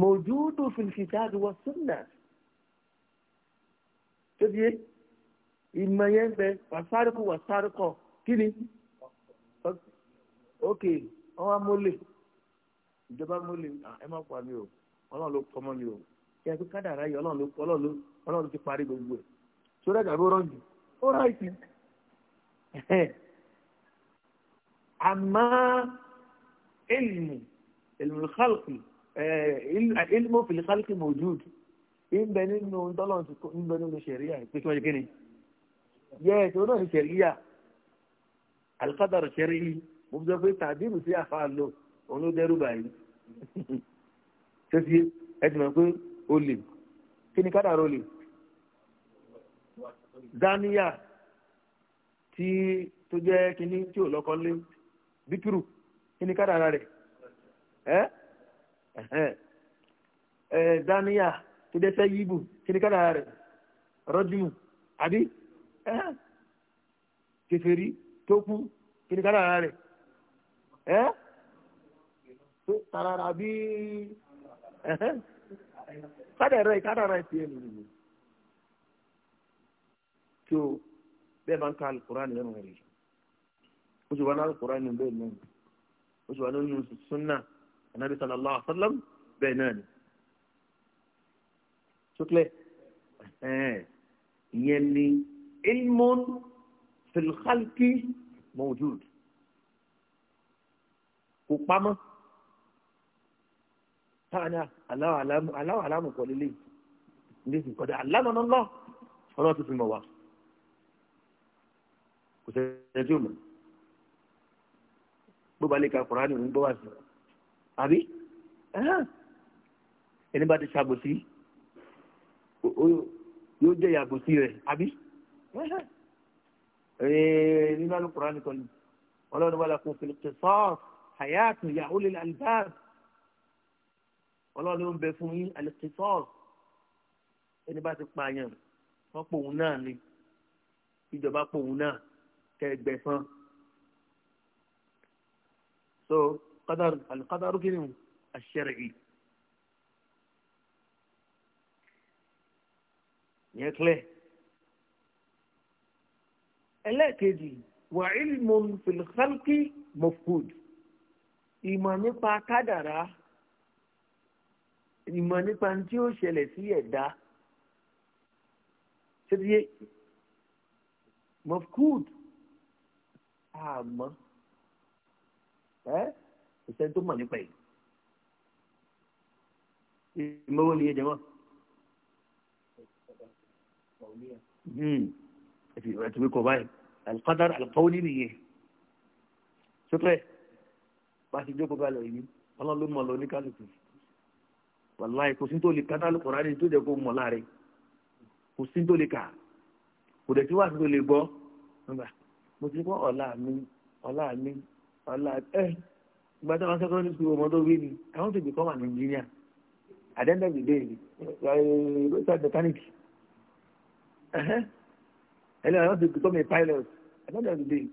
mọ̀júdù fìlìkìtàbí wa sunnah tó di yé ìmọ̀ yẹn bẹ wàsárùkù wàsárùkọ kí ni ókè ọwọ́ amólè ìjọba amólè ẹ má pa mi o ọlọ́run ló pọ́ mọ́ mi o kí ẹ fi kádàrá yìí ọlọ́run ló ọlọ́run ló ìlmùlùkálùkì ìlmù fìlìkálùkì mòjúd ìbẹ nínú tọ́lọ̀ ìbẹ nínú ṣẹ̀ríyà pé kí wọ́n ṣe kí ni yẹ́ẹ̀ tó náà ní ṣẹ̀ríyà alikádàrọ̀ ṣẹ̀ríyì mo sọ pé tàbírù sí àfa lò òun ló dẹ́rù báyìí ṣé sí ẹ ti mọ̀ pé o lè kí ni kádàrọ̀ o lè daniya tí tó jẹ́ kínní tí ò lọ́kọ́ lé bíkírù kí ni kádàrà rẹ̀ dáníyà tó dẹ́ fẹ́ yíbù kí ni kádà rẹ̀ rọ́jùmù àbí kèfèrí tó kú kí ni kádà rẹ̀ ẹ́ tó tarara bí kádà rẹ̀ kádà rẹ̀ tiẹ̀ nìyí tó bẹ́ẹ̀ bá ń ka alukur'an lẹ́nu rẹ̀ oṣù wa ní alukur'an lẹ́nu bẹ́ẹ̀ lẹ́nu oṣù wa ní sunna anabi sallallahu alaihi wa sallam bẹ́ẹ̀ náà ni sókè ìyẹn ni ilmun filhalki mawjud kò pamọ́ tánà aláwọ̀ aláàmù pọ̀ lélẹ̀ ní ti kọ́dà aláàmù náà lọ ọlọ́run ti fi mọ̀ wá kò sẹ́yìn tí ó mọ̀ gbọ́balẹ̀ ka kùránì ń gbọ́ wá sí i àbí ẹni bá ti ṣàbòsí yóò jẹ́ ìyàbòsí rẹ̀ àbí nínú alukura nìkan ni wọn lọ́dún wàlá kún fìlìpì sọ́ọ̀s hayatun ya olè alibab ọlọ́run ló ń bẹ fún yín alẹ́kì sọ́ọ̀s ẹni bá ti pààyàn wọ́n pòun náà ni ìjọba pòun náà kẹgbẹ̀sán so قدر القدر كده الشرعي يكله ẹlẹ́ẹ̀kejì wà ilmun filifalki mofud ìmọ̀ nípa kádàrá ìmọ̀ nípa tí ó ṣẹlẹ̀ sí ẹ̀dá ṣẹ́díyé mofud àmọ́ ẹ́. Eh? kò sẹ́ni tó mọ̀ nípa ẹ̀ ìmọ̀wó ni ẹ̀jẹ̀ wọn. ẹ̀fì ẹ̀tùwé kọ̀ báyìí alikadar alikawo nínú yẹn sọ́tọ̀ bá a ti jókòó bá lọ yìí ọlọ́run ló mọ̀ lọ oníkálukú wàláì kò sí tó lè kátà lùkọ̀rọ̀ àdéhùn tó jẹ́ kó mọ̀ láre kò sí tó lè kà kò dẹ̀ tí wàá tó lè gbọ́ mo ti gbọ́ ọ̀la mi ọ̀la mi ọ̀la ẹ̀ ìgbà tí wọ́n secondary school ọmọ wí ni I want to become an engineer at the end of the day eh, eh, roadside mechanic and I want to become a pilot at the end of the day.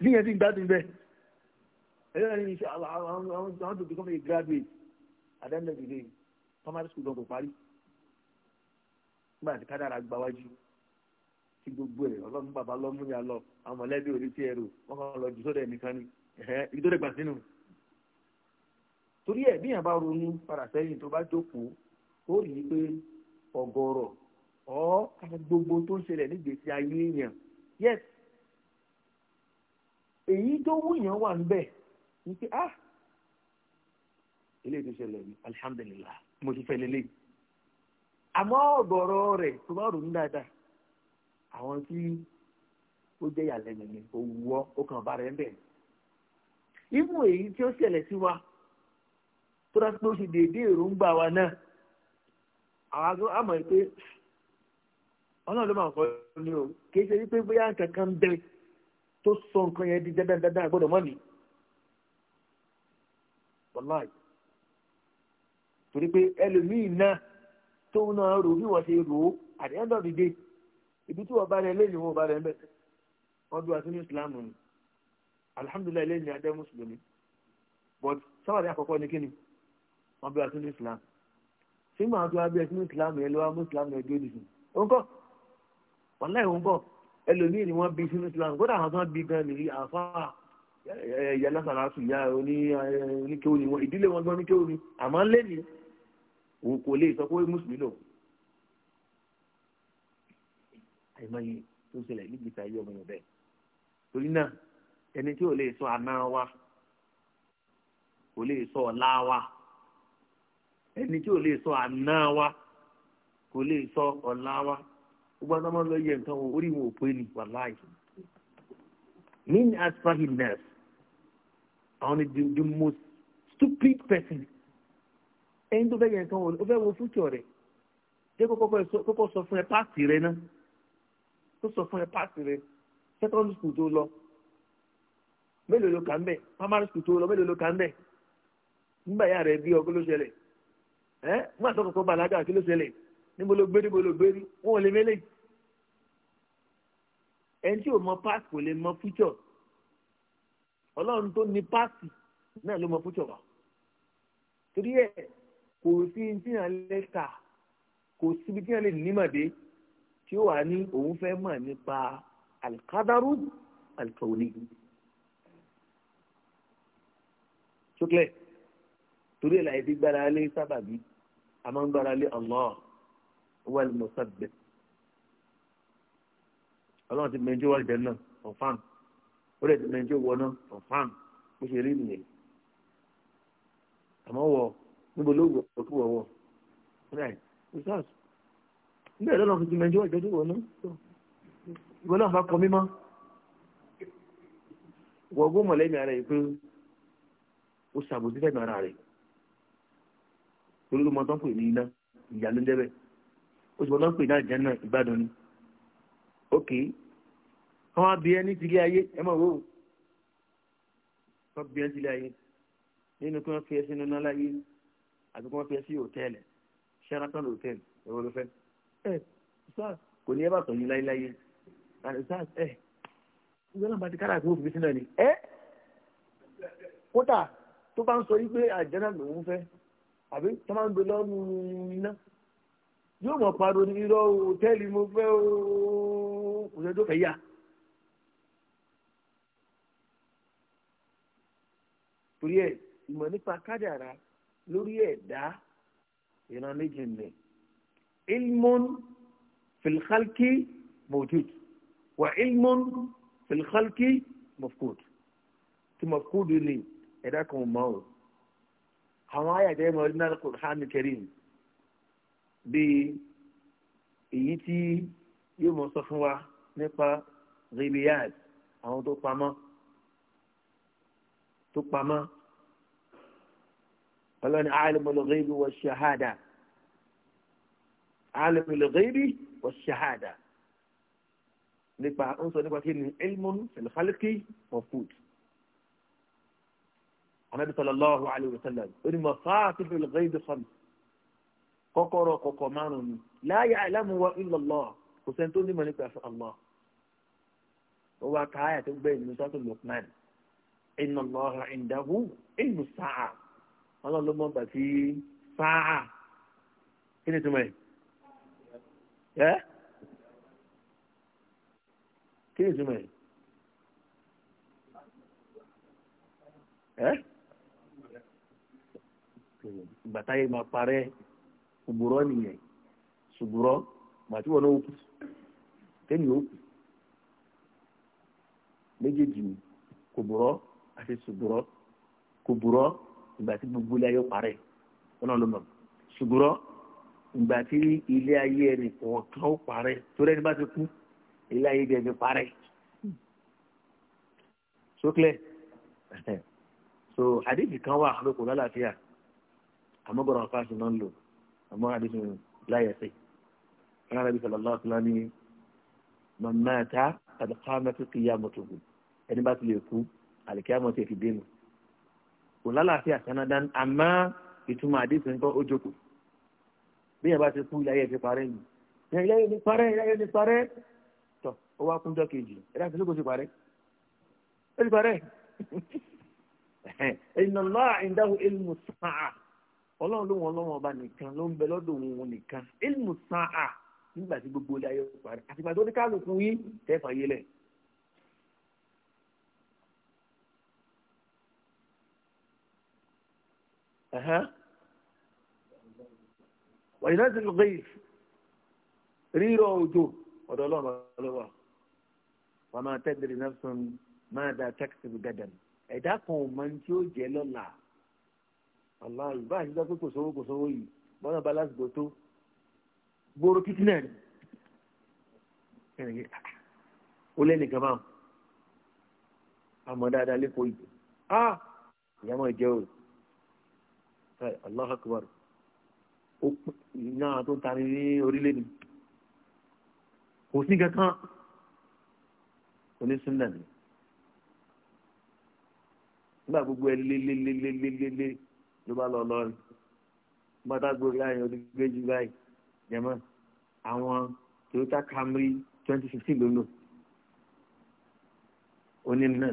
Tí yẹn ti gbádùn bẹ́ẹ̀. Ẹ̀yọ́ ni ṣe àwọn àwọn àwọn become a graduate at the end of the day. Primary school gan kò parí nígbà tí kádàrà gbáwájú tí gbogbo ẹ̀ ọlọ́run bàbá lọ́mú ya lọ àwọn mọ̀lẹ́bí orí tí ẹrù wọ́n kàn lọ jù sódà ẹnìkan ni ibi tó dẹ̀gbà sínú. torí ẹ̀ bí yàn bá ronú padà sẹ́yìn tó bá jókòó ó rí i pé ọ̀gọ̀rọ̀ ọ́ gbogbo tó ń ṣẹlẹ̀ nígbèésí ayé èèyàn yes èyí tó wúyàn wà ń ni pé ah eléyìí tó ṣẹlẹ̀ ni alihamdulilayi mo ti fẹ́ lélẹ́yìí àmọ́ ọ̀gọ̀rọ̀ rẹ̀ tó bá rò ní dáadáa àwọn tí ó jẹ́ ìyàlẹ́nu ni ọ ó kàn bá rẹ̀ ń bẹ̀. ìmú èyí tí ó ṣẹlẹ̀ sí wa tó dá sí pé ó ṣe déédéé èròǹgbà wa náà àwọn àmọ̀ pé ọlọ́run ló máa kọ́ ni o kì í ṣe wípé bóyá nǹkan kan bẹ tó sọ nǹkan yẹn di àgbọ̀dọ̀ mọ́ mi. torí pé ẹlòmíì tó náà rò bí wọ́n ṣe rò ó at the end of the day ibi tí wọ́n bá rẹ lẹ́yìn wọn bá rẹ mbẹ́ wọ́n bí wá sínú islam ni alihamudulilayi lẹ́yìn adé mùsùlùmí but sábàdí àkọ́kọ́ ni kíni wọ́n bí wá sínú islam sínú àwọn tó wá bí ẹ sínú islam yẹn lọ́wọ́ mú islam yẹn dúró nìsín ó ń kọ́ wọn láì ń bọ̀ ẹlòmíì ni wọ́n bí sínú islam kódà àwọn tó ń bí gan nìyí àfáà ìyá lásàlásù ìyá oníkéwòn ìdílé wọn gbọ́n oníkéwòn àmọ́ lẹ́yìn òun kò lè sọ pé mùsùlùmí lò àìmọye tó ń ṣẹlẹ̀ níbi ìta ayé ọmọ yẹn bẹ́ẹ̀ torí náà ẹni tí ò lè sọ àná wa kò lè sọ ọ̀la wa ẹni tí ò lè sọ àná wa kò lè sọ ọ̀la wa gbogbo àwọn ọmọ lọ yẹ nǹkan wo orí wọn ò pé ni wàláì min asfahi nurse I ni the the most stupid person ẹni tó fẹ́ yẹn nǹkan wọ̀ ó fẹ́ wo future rẹ̀ jẹ́ kókó sọ fún ẹ páàsì rẹ náà tó sọ fún ẹ páàsì rẹ secondary school tó lọ mélòó ló kà ń bẹ̀ primary school tó lọ mélòó ló kà ń bẹ̀ nígbà yà rẹ̀ bí ọkọ ló ṣẹlẹ̀ ẹ́ nígbà tó kọ̀kọ́ bàlágà kí ló ṣẹlẹ̀ níbo ló gbé níbo ló gbé rí wọn ò lè mélèé ẹni tí ò mọ pass kò lè mọ future ọlọ́run tó ní pass náà ló mọ future wa torí ẹ kò sí tí yàn lè kà kò síbi tí yàn lè nímọ̀dé tí ó wà ní òun fẹ́ mọ̀ nípa alikadaru alikawuli sókè torí ẹ̀ láyé ti gbára lé sábàbí a máa ń gbára lé Allah wal musabbib ọlọ́run ti mẹ́jọ́ wà jẹ́nà ọ̀fàm ó lè ti mẹ́jọ́ wọná ọ̀fàm bó ṣe rí nìyẹn àmọ́ wọ̀ ọ́ níbo ló wọ̀ ọ́ kí wọ́n wọ̀ right research níbẹ̀ lọ́nà fi ti mẹ́jọ́ ìjọ́jú wọ̀ náà ìwọ náà bá kọ mímọ́ wọ́gbọ́n mọ̀lẹ́mí ara yìí pé ó ṣàbòsí fẹ́mi ara rẹ̀ torí ló mọ pè ní iná ìyá ló ó sì mọ tán pè ní àjẹ́ ìbàdàn ni ok wọ́n á bí ẹ ní tìlé ayé ẹ mọ̀ wò ó wọ́n bí ẹ ní ayé nínú kí wọ́n fi ẹ sínú náà àti kí wọ́n fi ẹ sí hòtẹ́ẹ̀lì Sheraton hòtẹ́ẹ̀lì ẹ̀wọ̀n ló fẹ́ ẹ sars kò ní ẹ bá sọ yín láéláé àti sars ẹ ìgbẹ́ náà bá ti kára àti òfin sínú ẹ ni ẹ kódà tó bá ń sọ yín pé àjẹ́nà lòún fẹ́ àbí tó máa ń gbé lọ́rùn iná yóò mọ̀ pariwo ní irọ́ hòtẹ́ẹ̀lì mo fẹ́ ooo tó fẹ́ yà. torí ẹ ìmọ̀ nípa kádàrá lórí ẹ̀dá ìran méjì ń bẹ ilmun filkhalki mojud wa ilmun filkhalki mofkud tí mofkud ni ẹ̀dá kan mọ́ o àwọn ayàtẹ̀ mọ̀ ní al-Qur'an al-Karim bíi èyí tí yóò mọ̀ sọ fún wa nípa ribiyad àwọn tó pamọ́ tó pamọ́. قال أنا أعلم الغيب والشهادة أعلم الغيب والشهادة نبقى أنصر نبقى علم في الخلق مفقود النبي صلى الله عليه وسلم إن مصاتب الغيب خمس ققر ققمان لا يعلم إلا الله حسين تقول لما نبقى في الله هو كاية بين مصاتب لقمان إن الله عنده علم الساعة ọlọ́run ló mọ̀ gbà tí sáà kí ni túmọ̀ ẹ̀ ẹ́ kí ni túmọ̀ ẹ̀ ẹ́ bàtà yìí máa parẹ́ ṣùgbùrọ́ nìyẹn ṣùgbùrọ́ màtí wọn ó kù kéènì ó kù méjèèjì kò àti ṣùgbùrọ́ kò ìgbà tí gbogbo ilé ayé parẹ́ ọlọ́run ló mọ̀ ṣùgbọ́n ìgbà tí ilé ayé ẹnì kọ̀ọ̀kan ó parẹ́ torí ẹni bá ti kú ilé ayé bí ẹni parẹ́ sókè so àdéhùn kan wà lóko lálàáfíà àmọ́ gbọ́dọ̀ wọn fáṣí náà ń lò àmọ́ àdéhùn láyẹ̀ sí rárá Ànábì sallallahu alaihi wasallam ní man mata qad qamat qiyamatuhu ẹni bá ti lè kú àlìkíyàmọ̀ ti fi dénú kò lálàáfíà sanadan àmọ́ ìtumọ̀ àdéhùn nǹkan ó jókòó bí yàrá ti kú ilé ayé ti parẹ́ nù ilé ayé ti parẹ́ ilé ayé ti parẹ́ tọ̀ ó wá kúndọ́ kejì ẹ̀rọ àti lóko ti parẹ́ ó ti parẹ́ inna Allah indahu ilmu sa'a ọlọ́run ló wọn lọ́wọ́ ọba nìkan ló ń bẹ lọ́dọ̀ òun nìkan ilmu sa'a nígbà tí gbogbo ilé ayé ti parẹ́ àtìgbà tó ní kálukú wàyí láti lọ gbẹ́yì rírọ̀ òjò ọ̀dọ̀ ọlọ́run ọlọ́wà wà máa tẹ́tẹ̀rì náà sọ máa da tẹ́kítì gàdàn ẹ̀dá kan ò mọ tí ó jẹ́ lọ́la aláàlú bá àyíká pé kò sówó kò sówó yìí bọ́lá bá lásìkò tó gbóró títí náà ni ah, ó lẹ́nìkan báwọn àmọ́ dáadáa lẹ́kọ̀ọ́ yìí ah ìyá máa jẹ́ òòlù. Allahu Akbar iná tó tani ní orílẹ̀ ni kò sí kankan onísúnnà ni nígbà gbogbo ẹ lélélélélélé ló bá lọ lọrin gbàdágbò láàrin ọdún méjì báyìí jẹmọ àwọn Toyota Camry twenty fifteen ló lò ó ní náà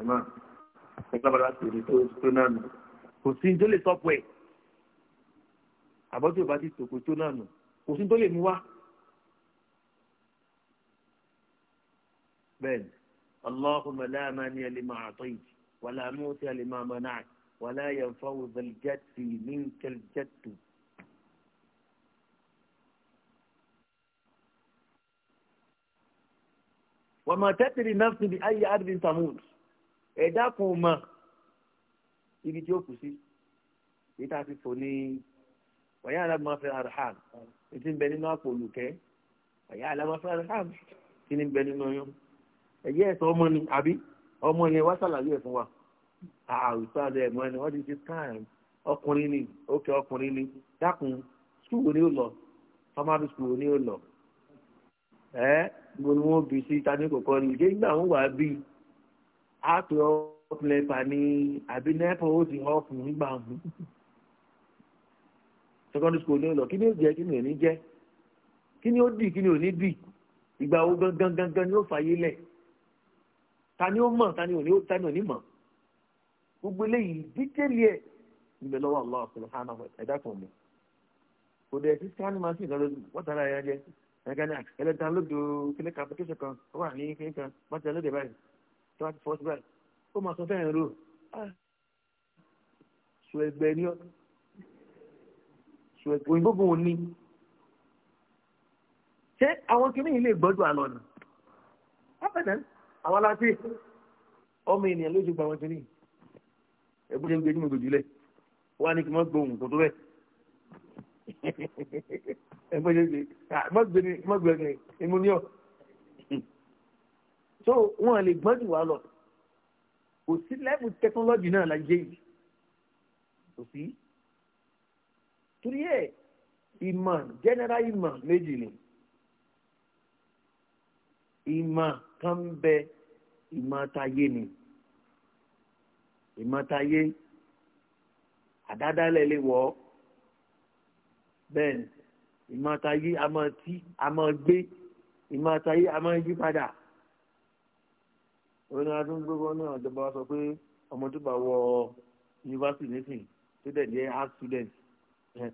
jẹ̀mọ́ ìgbàbàdà tòní tó náà nù kò sí tó lè tọ́pọ̀ ẹ̀ àbọ̀tò ìbá ti tòkò tó náà nù kò sí tó lè mú wá. bẹ́ẹ̀ni allahumma la mani'a lima a'tayta wa la mu'tiya lima mana'ta wa la yanfa'u dhal jaddi minkal jaddu. wa ma tadri nafsun bi ayyi ardin tamut. ẹ̀dá kan mọ̀ ibi tí ó kù sí èyí tá a ti fò ní wàyà alágbọ̀nfẹ́ arham ètí ń bẹ nínú àpò olùkẹ́ wàyà alágbọ̀nfẹ́ ni ń bẹ nínú ọyàn ẹ̀yẹ́ ẹ̀sọ́ ọmọ ni àbí ọmọ yẹn wá sàlàyé ẹ̀ fún wa ẹ̀mọ́ ẹni wọ́n ti ti ọkùnrin ni ọkùnrin ni dákun skul lọ skul ni lọ tani ni ìdí ìgbà àpè ọ̀pìlẹ̀pà ni àbí nẹ́pọ̀ ó ti hàn fún nígbà mú secondary school ní ìlọ kí ni ó jẹ kí ni ò ní jẹ kí ni ó dì kí ni ò ní dì ìgbà wo gangan gangan ni ó fàyè lẹ̀ ta ni ó mọ̀ ta ni ò ní ta ni ò ní mọ̀ gbogbo eléyìí dídélì ẹ̀ ìgbẹ́ lọ́wọ́ Allah subhanahu wa ta'ala kan mi kò dẹ̀ sí scanning machine lọ́dọ̀ wọ́n tara ẹ̀yà jẹ ẹ̀ka ní ẹlẹ́ta lódò kílẹ̀ kan application kan ó wà ní kílẹ̀ kan wọ́n ti báyìí tó bá ti fọ́ sí báyìí ó máa sọ fẹ́ràn rò ah, sùn ẹgbẹ́ ni ọ́ sùn ẹgbẹ́ òyìnbó gan òní ṣé àwọn kìnnìún lè gbọ́dọ̀ àlọ́ nù ábẹ̀dẹ̀ àwọn aláṣẹ ọmọ ènìyàn ló ṣe gba àwọn kìnnìún ẹ̀bùn ṣe ń gbẹ́jú mi gbèjúlẹ̀ wọ́n á ní kí wọ́n gbóhùn kó tó bẹ́ẹ̀ ẹ̀bùn ṣe ń gbé ah, mọ́gbẹ́ni mọ́gbẹ́ni ìmúniọ́ so wọn lè gbọ́n jù wá lọ kò sí lẹ́bù tẹkinọ́lọ́jì náà la yé yìí kò sí torí ẹ̀ ìmọ̀ general ìmọ̀ méjì ni ìmọ̀ kan bẹ ìmọ̀ tayé ni ìmọ̀ tayé àdádálẹ̀ lè wọ̀ ọ́ bẹ́ẹ̀ ni ìmọ̀ tayé a máa tí a máa gbé ìmọ̀ tayé a máa yí padà ó ní adúgbò náà ìjọba wa sọ pé ọmọ tó bá wọ yunifásitì nísìn tó dẹ̀ jẹ́ art student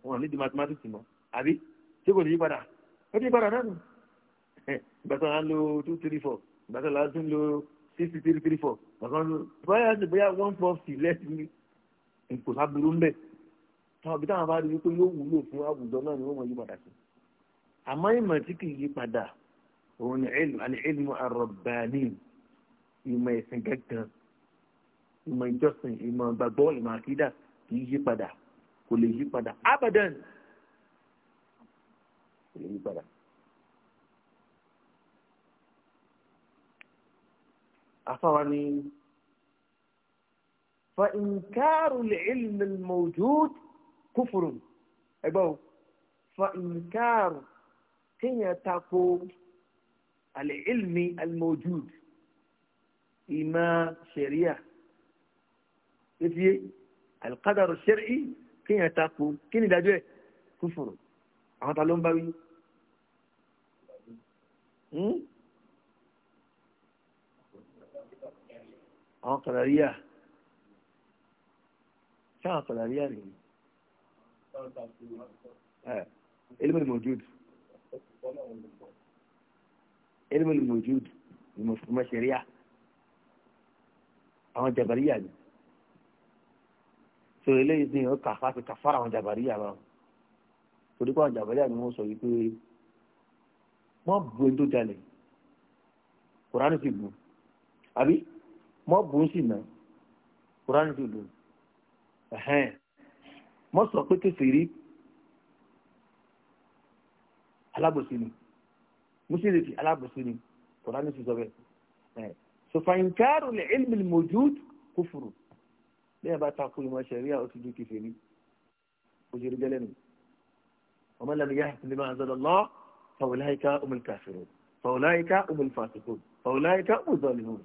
wọn ní di mathematics mọ́ àbí tí kò ní yí padà ó ti yí padà náà nù ìgbà tó ń lo two three four ìgbà tó ń lo six three three four ìgbà tó ń lo bóyá bóyá one four six lẹ́sìn kò sábúrú ń bẹ̀ táwọn òbí táwọn bá rí wípé yóò wúlò fún àwùjọ náà ni wọ́n mọ̀ yí sí àmọ́ ìmọ̀ tí kì í yí òun ni àlẹ́ ìlú àrọ̀bàní ìmọ̀ ẹ̀sìn gẹ́gàn ìmọ̀ ìjọsìn ìmọ̀ ìgbàgbọ́ ìmọ̀ àkídà kì í yí padà kò lè yí padà abadan kò lè yí padà. afáwa ni fa inkaru ilmi mawjud kufurun ẹgbẹ́ o fa inkaru kéèyàn tako alẹ́ ilmi almawjud. إما شرية في القدر الشرعي كين يتاقو كين يدعو كفر عمت اللهم باوي الرياح أعطى الرياح علم الموجود علم الموجود المفهوم شريعة àwọn jabaríyà ni so eléyìí ni ó kà fáfi kà fara àwọn jabaríyà náà torí pé àwọn jabaríyà ni wọ́n sọ yìí pé wọ́n bu ẹni tó jalè kurani ti bu àbí wọ́n bu ń sì nà kurani ti bu ẹ̀hẹ́n wọ́n sọ pé kẹfìrí alábòsí ni mùsùlùmí alábòsí ni kurani ti sọ bẹ́ẹ̀ sọfàǹkàrù lè ilmi mojúd kúfùrù bẹ́ẹ̀ bá takò ìmọ̀ ṣẹ̀ríà ó ti dú kìfì ní òṣèré gẹ́lẹ́ nù ọmọ lẹ́nu yá ìpínlẹ̀ máa ń zọlọ lọ fàwọláìka omulkafirun fàwọláìka omulfasikun fàwọláìka omuzọlihun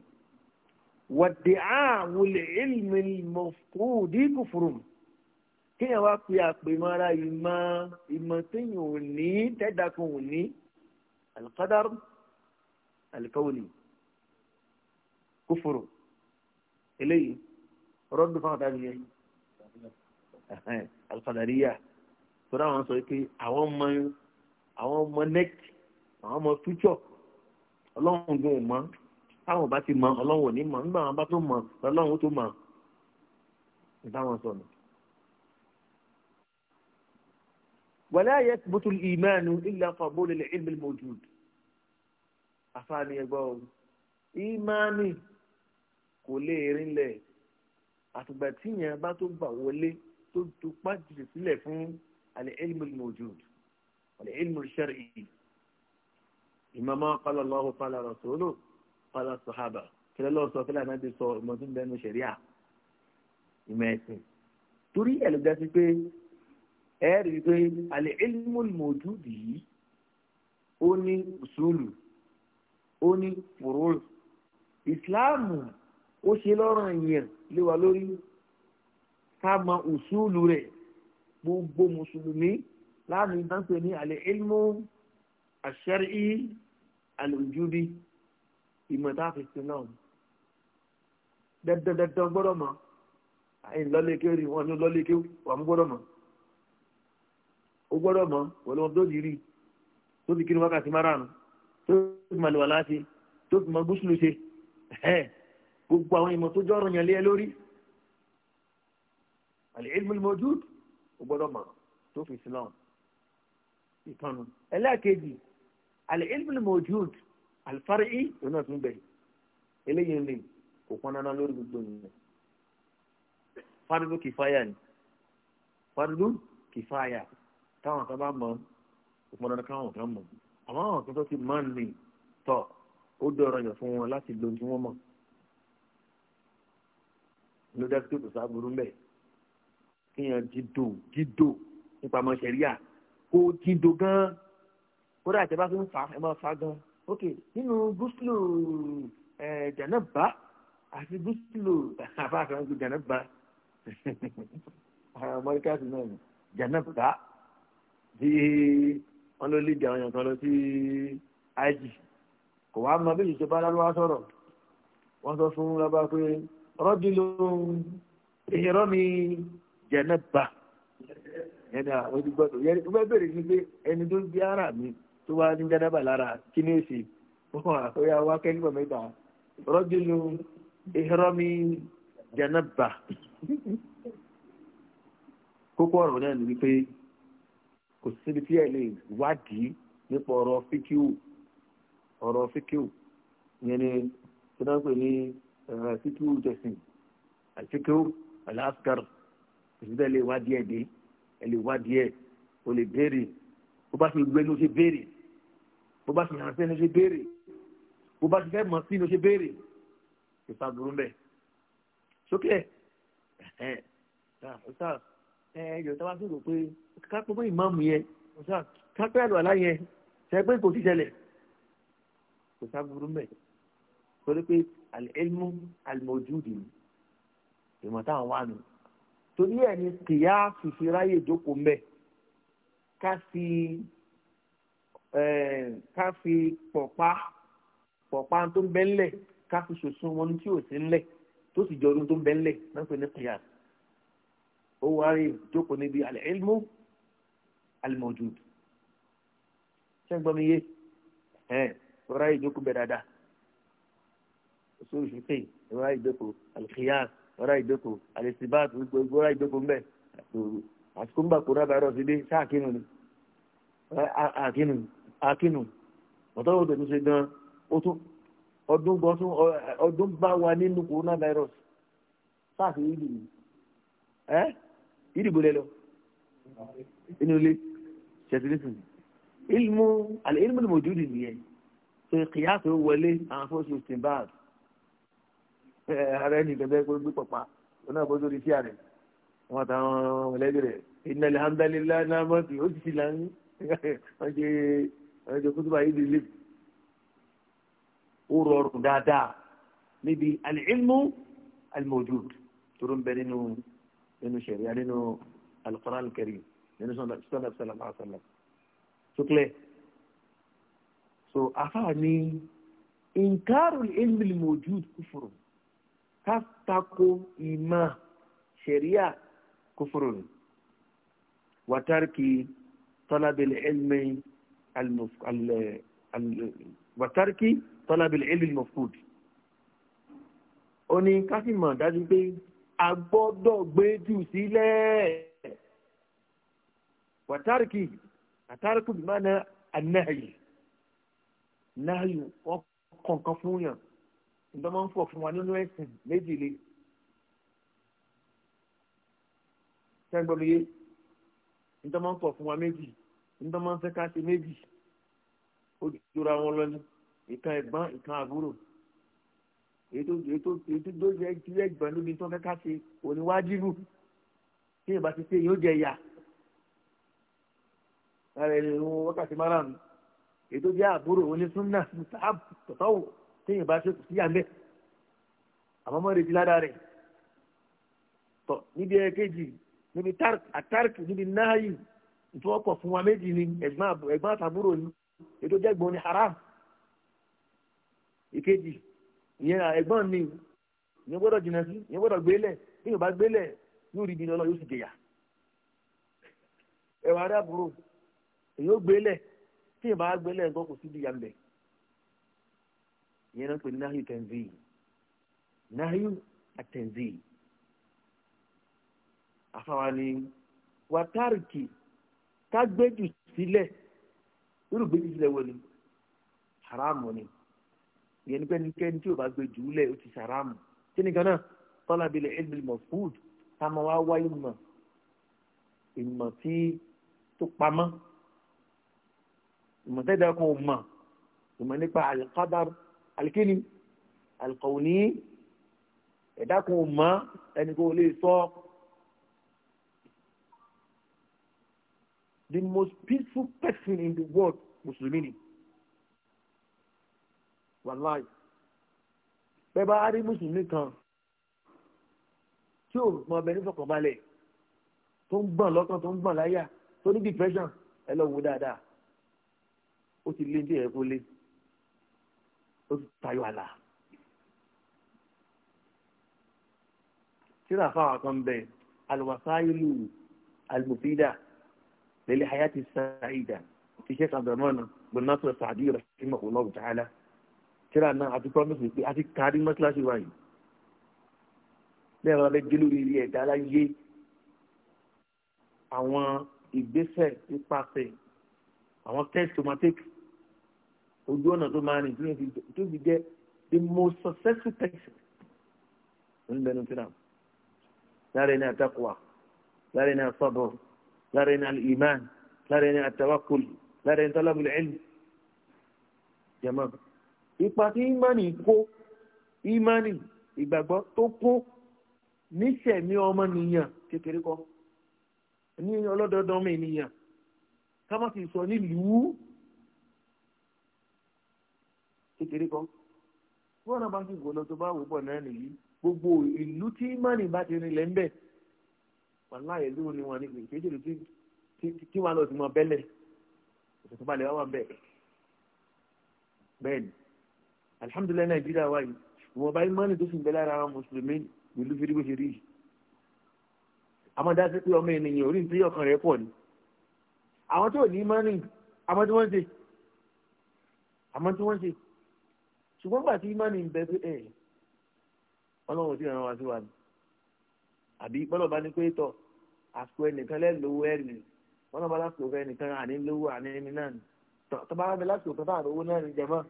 wàdìáàwù lè ilmi mọ̀fúdì kúfùrù kíyàn wá pe àpèmọ́ra ìmọ̀ ìmọ̀ téèyàn ò ní tẹ́dàkùn ò ní alikadaru alikawuli kúfòrò eléyìí rọ́dùn fáwọn tàbí yẹn alùpàdàríyà tó dáwọn sọ pé àwọn ọmọ àwọn ọmọ neck àwọn ọmọ future ọlọ́run gan ò mọ́ táwọn bá ti mọ ọlọ́run ò ní mọ nígbà wọn bá tó mọ ọlọ́run tó mọ ìbáwọn sọnù. wàlẹ́ àyẹ butu ìmánu ilẹ̀ afọ̀bó lè lè ilmi mojúd afáàní ẹgbọ́ ìmánu kò lè rinlẹ̀ àtùgbà tí yẹn bá tó gbà wọlé tó tó pàjùlẹ̀ sílẹ̀ fún al-ilm al-mawjud al-ilm al-shar'i ìmọ̀mọ́ qala Allahu qala rasuluhu qala sahaba kílẹ̀ lọ́wọ́ sọ kílẹ̀ náà ti sọ ìmọ̀ tó ń bẹnu ṣẹ̀ríà ìmọ̀ ẹ̀sìn torí ẹ̀ ló dásí pé ẹ rí i pé al-ilm al yìí ó ní usulu ó ní furu' ìsìláàmù ó ṣe lọ́rùn yẹn lé wa lórí ká mọ òṣùlù rẹ̀ gbogbo mùsùlùmí láàmì ìdánpẹ̀ ní alẹ́ ilmu àṣẹ́rí àlòjúbí ìmọ̀ta àfẹ́sẹ̀ náà dandandandan gbọ́dọ̀ mọ̀ àyìn lọ́lẹ́kẹ́ rí wọn ní lọ́lẹ́kẹ́ wà mú gbọ́dọ̀ mọ̀ ó gbọ́dọ̀ mọ̀ pẹ̀lú wọn tó di rí tó fi kiri wákàtí márùn-ún tó fi màlúwà láti tó fi mọ gúúsùlù ṣe ẹ̀ẹ́ gbogbo àwọn ìmọ̀ tó jọ́rọ̀ yàn lé ẹ lórí al-ilm al-mawjud ó gbọ́dọ̀ mọ̀ tó fi Islam ìtọ́nu ẹlẹ́ẹ̀kejì al-ilm al-mawjud al-far'i òun náà tún bẹ̀ eléyìí lè kò pọn dandan lórí gbogbo ènìyàn fardu kìfáyà ni fardu kìfáyà táwọn kan bá mọ̀ kò pọn dandan káwọn kan mọ̀ àmọ́ àwọn kan tó ti mọ̀ ní tọ̀ ó dọ̀rọ̀ yàn fún wọn láti lo tí wọ́n mọ̀ ló dá sí kò sáburú mbẹ kíyàn dídò dídò nípa ọmọ sẹríà kó dídò gan kódà tẹ bá fi ń fa ẹ máa fa gan ok nínú gúúsùlù ẹ jànàbá àti gúúsùlù àbá àfẹwọn gbé jànàbá mọríkàsì náà ni jànàbá bí wọn ló lé ìjà wọn yàn kan lọ sí ájì kò wá mọ bí ìṣèjọba aláwọ sọ̀rọ̀ wọn sọ fún lábá pé rọ́júlù ìhìrọ́ ni jẹ̀nẹ́bà ẹni àwọn ìgbọ́dọ̀ yẹn tó bẹ́ẹ̀ bèrè ní pé ẹni tó ń bí ara mi tó wá ní jẹ́nẹ́bà lára kí ni èsì fún àkóyá wa kẹ́lípọ̀ mẹ́ta rọ́júlù ìhìrọ́ ni jẹ̀nẹ́bà kókó ọ̀rọ̀ náà ni wípé kò síbi tí ẹ lè wádìí nípa ọ̀rọ̀ fíkíù ọ̀rọ̀ fíkíù yẹn ni tí wọ́n pè ní fíkíwù tẹ̀sìn àfíkíwù aláskar ìṣúdẹ̀ lè wá díẹ̀ dé ẹ lè wá díẹ̀ o lè béèrè bó bá ti gbé ní o ṣe béèrè bó bá ti yàn sí ní o ṣe béèrè bó bá ti fẹ́ mọ̀ sí ní o ṣe béèrè ìfagbọ́n bẹ́ẹ̀ sókè ẹ̀ ẹ̀ ẹ̀ yóò tábà sọ̀rọ̀ pé kápẹ́ pé ìmáàmù yẹn kápẹ́ àlọ́ àlá yẹn ṣe pé kò sí ṣẹlẹ̀ kò sábúrú mẹ́ torí pé al-ilmu al-mawjudi ìmọ̀ táwọn wà nù torí ẹ̀ ní kìyà fìfì ráyè ìjókòó mbẹ́ ká fi eh, ká fi pọ̀pá pọ̀pá tó ń bẹ́ ńlẹ̀ ká fi ṣòṣun wọn tí ò sí ńlẹ̀ tó sì jọ ọdún tó ń bẹ́ ńlẹ̀ náà pé ní kìyà ó wá rí ìjókòó níbi al-ilmu al-mawjudi ṣé ń gbọ́ mi yé ẹ̀ ráyè ìjókòó bẹ̀ dáadáa usul fiqh ìrora ìdókò alqiyas ìrora ìdókò alisibat gbogbo ìrora ìdókò ńbẹ àsìkò ńgbà kó rábà rọ síbi ṣáà kínú ni àkínú àkínú ọ̀tọ́ òdò tó ṣe gan ó tún ọdún gbọ́sùn ọdún bá wa nínú coronavirus sáà sí ìdìbò ẹ́ ìdìbò lẹ́lọ inú ilé ṣẹ̀tìlẹ́sìn ilmu alẹ́ ilmu ni mo jù nìyẹn so kìyàtò wọlé àwọn fọ́sùn tìǹbàtì ààrẹ ní ìgbẹ́gbẹ́ pé gbé pọ̀pá òun náà bọ́ sórí sí ààrẹ wọn àtàwọn mọ̀lẹ́bí rẹ̀ iná alhamdulilayi náà mọ̀ sí ó ti ti lan wọ́n ṣe wọ́n ṣe kútùbà yìí lè ó rọrùn dáadáa níbi alìlmù almojud tóró ń bẹ nínú nínú sẹ̀ríà nínú alukọ́rán kẹrì nínú sọ́nà sàlámà sàlámà sókèlè so afa ni inkaru ilmi almojud kúfùrù tátako ìmọ̀ ṣẹ̀ríà kúfúrò ni wàtárìkì tọ́lábìlì ẹ̀lmẹ́ wàtárìkì tọ́lábìlì ẹ̀lmẹ́ mọ̀fúd ó ní kásìmọ̀ dájú pé a gbọ́dọ̀ gbé jù sílẹ̀ wàtárìkì àtárìkù bí máa na ànáyì náà yìí wọ́n kọ̀ọ̀kan fún yàn ǹdọ́ máa ń fọ̀ fún wa nínú ẹ̀sìn méjìlél sẹ́gbọ̀mìyé ǹdọ́ máa ń fọ̀ fún wa méjì ǹdọ́ máa ń fẹ́ ká ṣe méjì ó jura wọn lọ ní ìkan ẹ̀gbọ́n ìkan àbúrò ètò ètò ètò tó jẹ́ ìdílé ẹ̀gbọ́n níbi tí wọ́n fẹ́ ká ṣe oníwájibù tí ìbá ti ṣe yóò jẹ ìyà lára ẹni wọn wákàtí márùn-ún ètò jẹ́ àbúrò onísúnnà mùsàábù tọ̀tọ̀wọ̀ téèyàn bá ṣe kù sí àmì àmọ́ mọ́ retí ládàá rẹ̀ tọ̀ níbi ẹ̀kejì níbi àtàrkì níbi náàyè ìtú ọkọ̀ fún wa méjì ni ẹ̀gbọ́n àtàbúrò ni ètò jẹ́gbọ́n ni haram ìkejì ìyẹn ẹ̀gbọ́n ni ìyẹn gbọ́dọ̀ jìnnà sí ìyẹn gbọ́dọ̀ gbélẹ̀ bí yóò bá gbélẹ̀ yóò rí ibi lọ́lọ́ yóò sì jẹyà ẹ̀wọ̀n arábùrò èyí ó gbélẹ̀ tí yóò bá gbélẹ̀ nǹkan kò sí yà ń bẹ̀ ìyẹn náà pè ní nahyu tẹ̀nzì nahyu àtẹ̀nzì àfàwọn ni wàtárìkì ká gbẹ́jù sílẹ̀ irú gbẹ́jù sílẹ̀ wọlé haramu ni ìyẹn nípa ẹnikẹ́ni tí o bá gbẹ́jù lẹ̀ o ti sàrámù kí ni ganan tọ́lá bilẹ̀ ilmi mọ̀fúd ká máa wá wáyé mọ̀ ìmọ̀ tí tó pamọ́ ìmọ̀ tẹ́jà kan ò mọ̀ ìmọ̀ nípa àlùkádàrú alikini alikọ̀wòní ẹ̀dá kan ò mọ́ ẹni kò lè sọ. the most peaceful person in the world mùsùlùmí ni wàláì bẹ́ẹ̀ bá rí mùsùlùmí kan tí ò mọ ọbẹ̀ nífọ̀kànbalẹ̀ tó ń gbọ̀n lọ́kàn tó ń gbọ̀n láyà tó ní depression ẹ lọ wo dáadáa ó ti lé ní ẹ̀kọ́ lé ó ti tayọ àlà tíra fáwọn kan bẹ alùwàsáìlù alùmùfídà lẹ́lẹ́ hayati sa'ida ti ṣe kàbẹ̀mọ́nà gbọ̀nàtọ̀ sàdí rẹ̀ sí mọ̀kànlọ́wọ̀ tààlà tíra náà àti promise pé a ti kárí mọ́síláṣí wáyé lẹ́yìn ọ̀rẹ́ jẹ́ lórí ilé ẹ̀dá láyé àwọn ìgbésẹ̀ nípasẹ̀ àwọn test to ojú ọ̀nà tó máa rìn tó fi tó fi jẹ́ the most successful person ń bẹnu tí náà lára ẹni àtàkùwà lára ẹni àfàbọ̀ lára ẹni alìmán lára ẹni àtàwákùl lára ẹni tọ́lábùlẹ̀ ẹ̀lì jẹ̀mọ́ ipa tí ìmánì kó ìmánì ìgbàgbọ́ tó kó níṣẹ̀mí ọmọ nìyàn kékeré kọ́ ní ọlọ́dọọdọ́ ọmọ ènìyàn ká má sì sọ nílùú kékeré kan wọn náà bá ti gbọ́ lọ tó bá wò bọ̀ náà nìyí gbogbo ìlú tí mọ́nì bá ti rinlẹ̀ ń bẹ̀ wàhálà ìlú ni wọn ní kéjì ló tí wọn lọ sí mọ bẹ́lẹ̀ òṣèlú balẹ̀ wà wà ń bẹ̀ bẹ́ẹ̀ ni alihamudulilayi nàìjíríà wà yìí ìwọ̀n báyìí mọ́nì tó sì ń bẹ lára àwọn mùsùlùmí ìlú fi dúró ṣe rí yìí àmọ́ dáṣẹ́ pé ọmọ ènìyàn orí nítorí ọkàn rẹ̀ pọ̀ ni àwọn tó ní mọ́nì àmọ́ tí wọ́n ṣe àmọ́ tí wọ́n ṣe ṣùgbọ́n gbà tí imáni ń bẹ pé ẹ̀ eh, ọlọ́run ti ràn wá sí wa ni àbí bọ́lọ̀ bá ní pé tọ̀ àsìkò ẹnìkan lẹ́lọ́wọ́ ẹ̀rì bọ́lọ̀ bá lásìkò ẹnìkan àní lówó àní ẹni náà ni tọ́ba bá bẹ lásìkò tó tààrà owó náà ni jẹ̀mọ́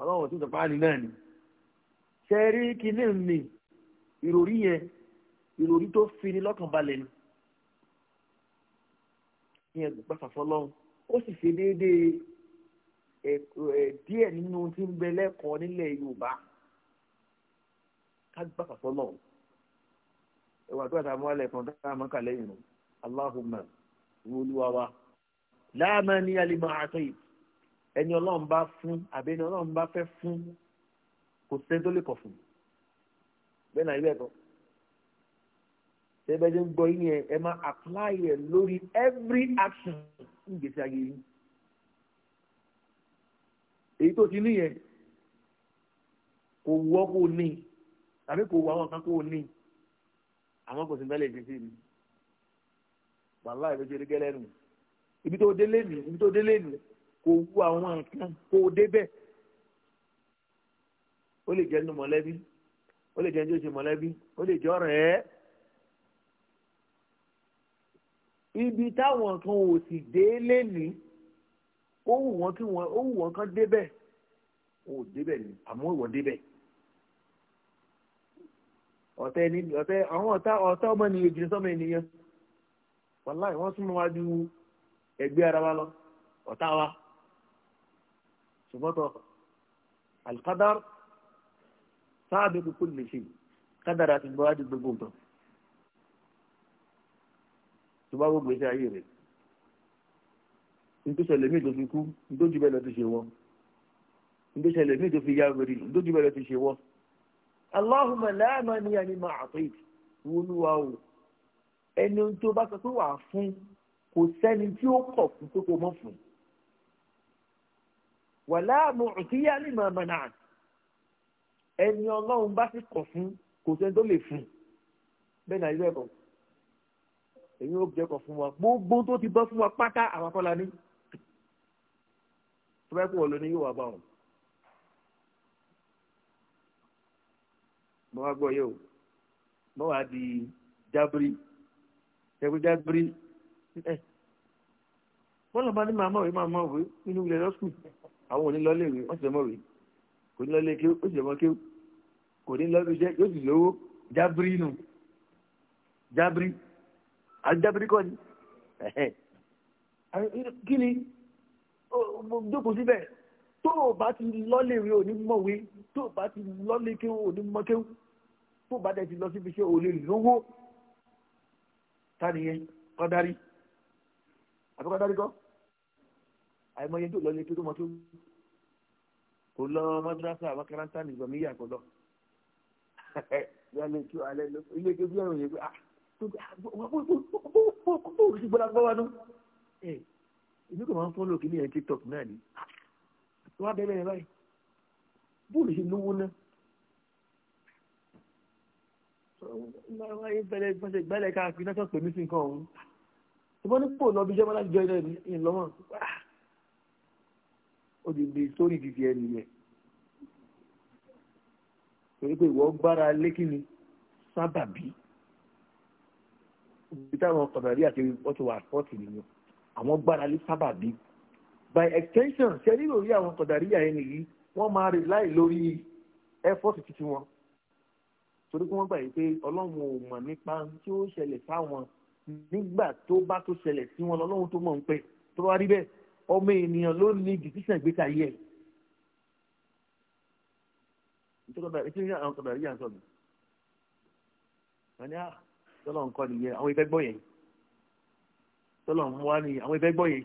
ọlọ́run tó tọ̀pá ni náà ni. ṣe rí kinní ni ìròrí yẹn ìròrí tó fini lọ́kàn balẹ̀ ni ìyẹn gbàfà fọlọ́run ó sì fi déédéé díẹ̀ nínú tí ń bẹ lẹ́kọ̀ọ́ nílẹ̀ yorùbá ká gbà pàtó náà ẹwà tó àtàwọn ọmọ ẹlẹ́kọ̀ọ́ tó ká máa kà lẹ́yìn nù aláhùnmá olúwa wa láàmà ní alimọ̀ àti ẹni ọlọ́run bá fún àbí ẹni ọlọ́run bá fẹ́ fún kò sẹ́ni tó lè kọ̀ fún bẹ́ẹ̀ náà ibẹ̀ kọ́ ṣé yín ẹ máa apply ẹ̀ lórí every action ń gbèsè ayé èyí tó ti níyẹn kò wù ọ́ kó ní tàbí kò wù àwọn kan kó ní àwọn kò sì bẹ́lẹ̀ ìdí sí mi wàhálà ìlú ṣe gẹ́lẹ́ nù ibi tó délé nù ibi tó délé nù kò wù àwọn kan kó débẹ̀ ó lè jẹ́ nínú mọ̀lẹ́bí ó lè jẹ́ ní oṣù mọ̀lẹ́bí ó lè jẹ́ ọ̀rẹ́ ibi táwọn kan ò sì délé nìí ó wù wọ́n kí wọ́n ó wù wọ́n kán débẹ̀ ó débẹ̀ ni àmọ́ ìwọ débẹ̀ ọ̀tẹ̀ ni ọ̀tẹ̀ àwọn ọ̀tá ọ̀tá ọmọ ènìyàn jìnnà sọ́mọ ènìyàn wàláì wọ́n súnmọ́ wájú ẹgbẹ́ ara wa lọ ọ̀tá wa ṣùgbọ́n alikadar sáàbẹ̀ kúkú lè ṣe kádàrà ti gbọ́ wájú gbogbo nǹkan tó bá gbogbo iṣẹ́ ayé rẹ̀ nítòsẹ̀ lèmi tó fi kú nítòjú bẹ́ẹ̀ lọ ti ṣe wọ́n nítòsẹ̀ lèmi tó fi yá wẹ̀rì nítòjú bẹ́ẹ̀ lọ ti ṣe wọ́n. aláhùnmọ̀ láàmà ni àní máa àtọ́yì wọlúwa o ẹni tó bá sọ pé wà á fún kò sẹ́ni tí ó kọ̀ fún pé kò mọ̀ fún. wà láàmú òkìyá ni màmá ẹni ọlọ́run bá sì kọ̀ fún kò sẹ́ni tó lè fún bẹ́ẹ̀ náà ilé ẹ̀kọ́ èyí ó jẹ́kọ̀ fún wa gbogbo tó ti bọ́ fún wa pátá àwọn akọ́lá ní tó bá pọ̀ lóní yóò wá bá wọn. mo wá gbọ́ yóò mo wá di jábírí ẹgbẹ́ jábírí ẹ̀ wọ́n lọ́ba ní màmá òwe màmá òwe nínú ilẹ̀ lọ́sùn àwọn òní lọ́lé ìwé wọ́n ti mọ̀ òwe kò ní lọ́lé kéwú ó sì mọ̀ kéwú kò ní lọ́lé iṣẹ́ yóò sì lówó jábírí nù jábírí àti jábírí kọ́ ni kí ni jókòó síbẹ̀ tó o bá ti lọ́lé rẹ òní mọ̀wé tó o bá ti lọ́lé kéwù òní mọ̀kéwù tó o bá dẹ̀ ti lọ síbi iṣẹ́ òlè lówó tánìyẹn kọ́dárí àbí kọ́dárí kọ́ àìmọye tó lọ́lé kéwù mọ̀kéwù kò lọ mọ́dúrásà makaranta nìgbàmíyà kò lọ yálé tó alẹ́ lọ ilé kéwù yẹn ò yẹ pé ah tó gbà gbọ́ gbọ́ gbọ́ gbọ́ gbọ́ gbọ́ gbọ́ gbọ́ gbọ́ èmi kò máa ń fọ́lọ̀ kí ní ẹ̀ tiktok náà ni wọ́n á bẹ́ẹ̀ bẹ́ẹ̀ báyìí bóòlù ṣe lówó náà wáyé bẹ́lẹ̀ gbọ́nsẹ̀ gbẹ́lẹ̀ káàkiri náà sọ̀pẹ̀ mí sí nǹkan ọ̀hún ṣùgbọ́n ní pò lọ́bí jẹ́mọ́lá jọ ilẹ̀ ní lọ́mọ́ ó di di sórí ìdìdì ẹ nìyẹn torí pé ìwọ gbára lékìní sábàbí ibi táwọn ọ̀dàrí àti ọtí wà fọ́ọ̀tì nìyẹn àwọn gbára lé sábàbí by extension ṣe rí lórí àwọn kọ̀dàríyà ẹni yìí wọ́n máa rè láì lórí effort títí wọn torí pé wọ́n gbà yìí pé ọlọ́run ò mọ̀ nípa tí ó ṣẹlẹ̀ sáwọn nígbà tó bá tó ṣẹlẹ̀ sí wọn lọ́lọ́run tó mọ̀ ń pẹ́ tó bá rí bẹ́ẹ̀ ọmọ ènìyàn ló ní decision gbé káyé ẹ̀ nítorí àwọn kọ̀dàríyà ń sọ̀rọ̀ wọn ni á ah, lọ́lọ́run kọ́ nìyẹn àwọn ìfẹ́ gbọ́ yẹn tọ́lọ̀ mú wá ní àwọn ẹgbẹ́ gbọ́yè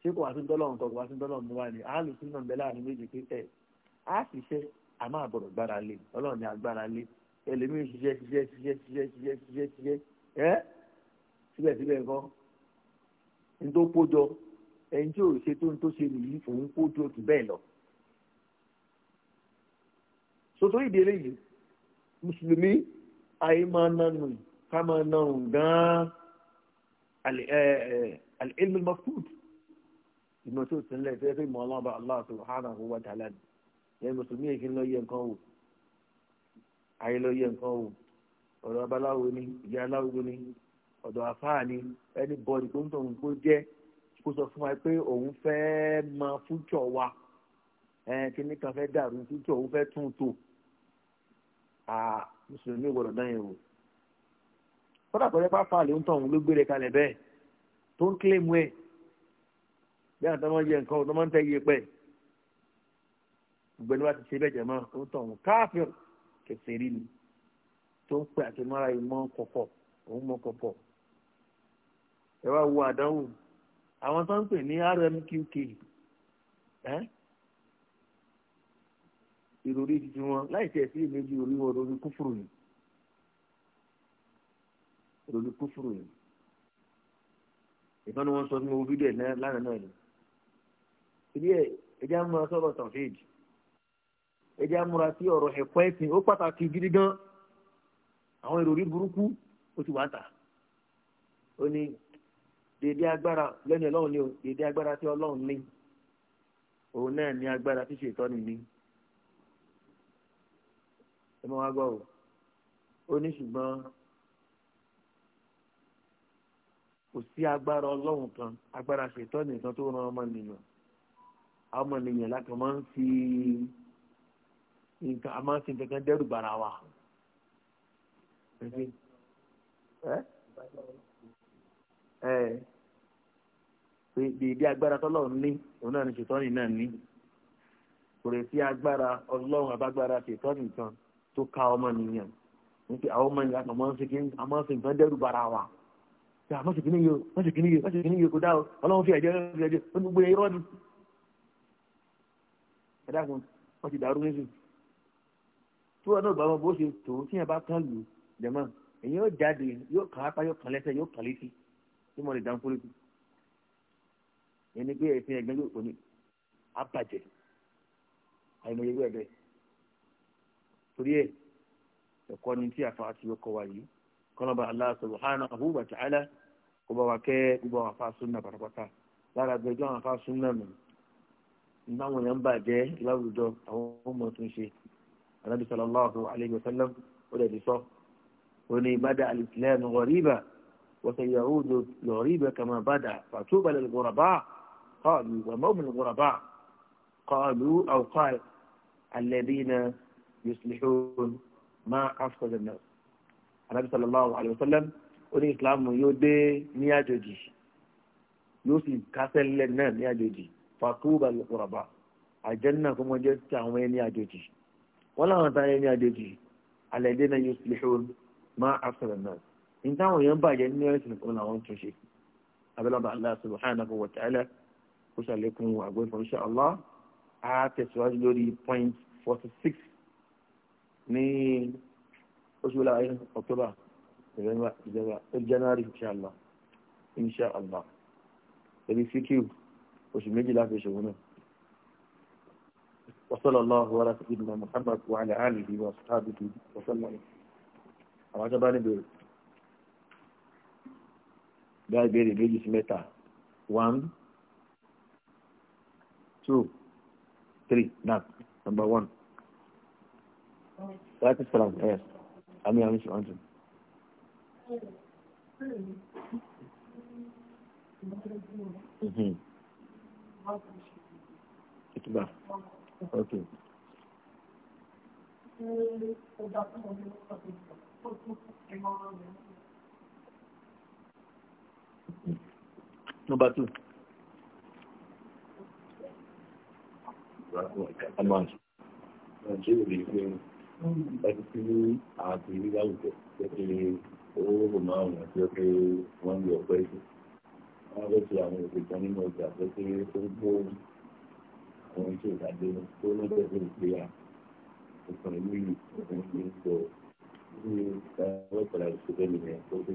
ṣé kò wá sí tọ́lọ̀ nǹkan kò wá sí tọ́lọ̀ mú wá ní àálù sí náà bẹ́ẹ̀ láàrin méjì pé ẹ̀ á sì ṣe a máa bọ̀rọ̀ gbára lé ọlọ́run ní agbára lé ẹlẹ́mìí ṣiṣẹ́ ṣiṣẹ́ ṣiṣẹ́ ṣiṣẹ́ ṣiṣẹ́ ṣiṣẹ́ ṣiṣẹ́ ẹ́ síbẹ̀síbẹ̀ kọ́ ní tó kójọ ẹni tí ò ṣe tó ń tó ṣe nìyí òun kójọ jù bẹ́ẹ̀ lọ. sotori ìdílé yìí mùsùlùmí àyè máa nánu ká máa nánu gan-an al-ilm eh, eh, al-mafqud ìmọ̀ tó tẹ̀lé tó yẹ الله سبحانه وتعالى Allah subhanahu wa ta'ala ni ẹ mùsùlùmí èkì lọ yẹ nǹkan wò ayé lọ yẹ nǹkan wò ọ̀dọ̀ abaláwo ni ìyá aláwo ni ọ̀dọ̀ afáà ni ẹni bọ́ọ̀dì tó ń tọ̀ nǹkó jẹ́ kó sọ fún wa pé òun fẹ́ mọ future wa kíní kan fẹ́ dàrú future òun fẹ́ tún un tò mùsùlùmí gbọ́dọ̀ dán yẹn wò kódà kọjá pápá àlè ń tọ̀ òun ló gbére kalẹ̀ bẹ́ẹ̀ tó ń kílèmù ẹ̀ bí àwọn tọ́mọ yẹ nǹkan ọ̀tọ́mọ ń tẹ́ yé pẹ́ gbẹ̀lú wa ti ṣe bẹ́ẹ̀ jẹ̀ mọ́ ó ń tọ̀ òun káfíọ̀ kẹsẹ̀ rí ni tó ń pè àti mọ́ra yìí mọ́ kọ̀kọ̀ òun mọ́ kọ̀kọ̀ ẹ wá wo àdánwò àwọn tó ń pè ní rmqk ẹ́ ìròrí ti wọn láì tẹ̀ sí ìmẹ́jì orí wọn lórí kúfùrù yìí lórí kúfùrù yẹn ìfọ́nù wọn sọ nínú fídíò ẹ̀ lánàá náà ni ìdí ẹ̀ ẹ̀jẹ̀ á múra sọ̀rọ̀ tàfíìdì ẹ̀jẹ̀ á múra sí ọ̀rọ̀ ẹ̀kọ́ ẹ̀sìn ó pàtàkì gidi gan àwọn ìròrí burúkú ó ti wà tà ó ní dèdè agbára lẹ́nu ọlọ́run ni o dèdè agbára tí ọlọ́run ní òun náà ní agbára tí ṣètọ́ni ní ẹ mọ wá gbọ́ o ó ní ṣùgbọ́n. kò sí agbára ọlọ́run kan agbára ṣètọ́ nìkan tó ran ọmọnìyàn ọmọnìyàn láti máa ń fi nǹkan a máa ń fi nǹkan dẹ́rù bara wa. Dèdè agbára tọ́lọ́run ní òun náà ní ṣètọ́nì náà ní. Kò lè sí agbára ọlọ́run àbágbára ṣètọ́nì kan tó ka ọmọnìyàn. Àwọn ọmọ kan máa ń fi nǹkan dẹ́rù bara wa. yà ah, má ṣèkínní yìí o má ṣèkínní yìí o má ṣèkínní yìí o kò dá o ọlọ́run fi ẹ̀jẹ̀ fi ẹ̀jẹ̀ ó ní gbogbo irọ́ ni. ẹ dákun wọn ti dàrú nísìn tí wọn náà bá wọn bó ṣe tòun tí yẹn bá kán lù jẹmọ èyí yóò jáde yóò kàn apá yóò kàn lẹsẹ yóò kàn létí tí mo lè dá nkúrú kù ẹni pé kọ wa yìí kọlọba Allah subhanahu wa ta'ala. kó bá wa kẹ́ gbogbo àwọn afá súnà pátápátá lára gbẹjọ́ àwọn afá súnà nù nítawọn èèyàn bàjẹ́ láwùjọ àwọn ọmọ tó ń ṣe anábì sallallahu alayhi wa sallam ó dẹ̀ ti sọ ó ní bada al-islam ghariba wa sayaudu ghariba kama bada fatuba lil-ghuraba qalu wa ma hum al-ghuraba qalu aw qala alladhina yuslihun ma afsada an-nas anábì sallallahu alayhi wa sallam orí ìsìláàmù yóò dé ní àjòjì yóò sì kásẹ̀ lẹ̀ náà ní àjòjì fàtúbà lùkùràbà àjẹ́nà kó mọ jẹ́ ti àwọn ẹni àjòjì wọ́n láwọn ta ẹni àjòjì àlẹ́dẹ́ náà yóò sì ṣòro má àfẹ́rẹ́ náà ní táwọn èèyàn bàjẹ́ nínú ẹ̀sìn kan làwọn tún ṣe abẹ́lábà Allah subhanahu wa ta'ala kó ṣàlékún àgbẹ̀fọ́ insha Allah á tẹ̀síwájú lórí point forty six ní oṣù wọlé ayé October ìjọba ìjọba ó january inṣàlá inṣàlá ebi fíkìw oṣù méjìlá fi ṣòwò náà وصلى الله على سيدنا محمد وعلى آله وأصحابه وسلم àwọn tó bá ní bèrè bá ìbéèrè méjì sí mẹ́ta one two three now number one láti sọ̀rọ̀ ẹ̀ àmì àmì ṣùgbọ́n tún ìtura mm-hmm. ok. Number two. Amount. Nàìjíríà lè gbé ẹni tí a ti rí láwùjọ gẹ́gẹ́ owó máa ń wọ̀n tí ó pé wọ́n ń lọ pẹ́ jù wọ́n ló ti àwọn òkè kan nínú ọjà tó pé ó gbó àwọn iṣẹ́ ìdájọ́ tó ló tẹ̀lé ìpè à ìkànnì mílì ọ̀hún ní sọ ní ọ̀pọ̀lọpọ̀ ìṣẹ̀lẹ̀ nìyẹn tó pé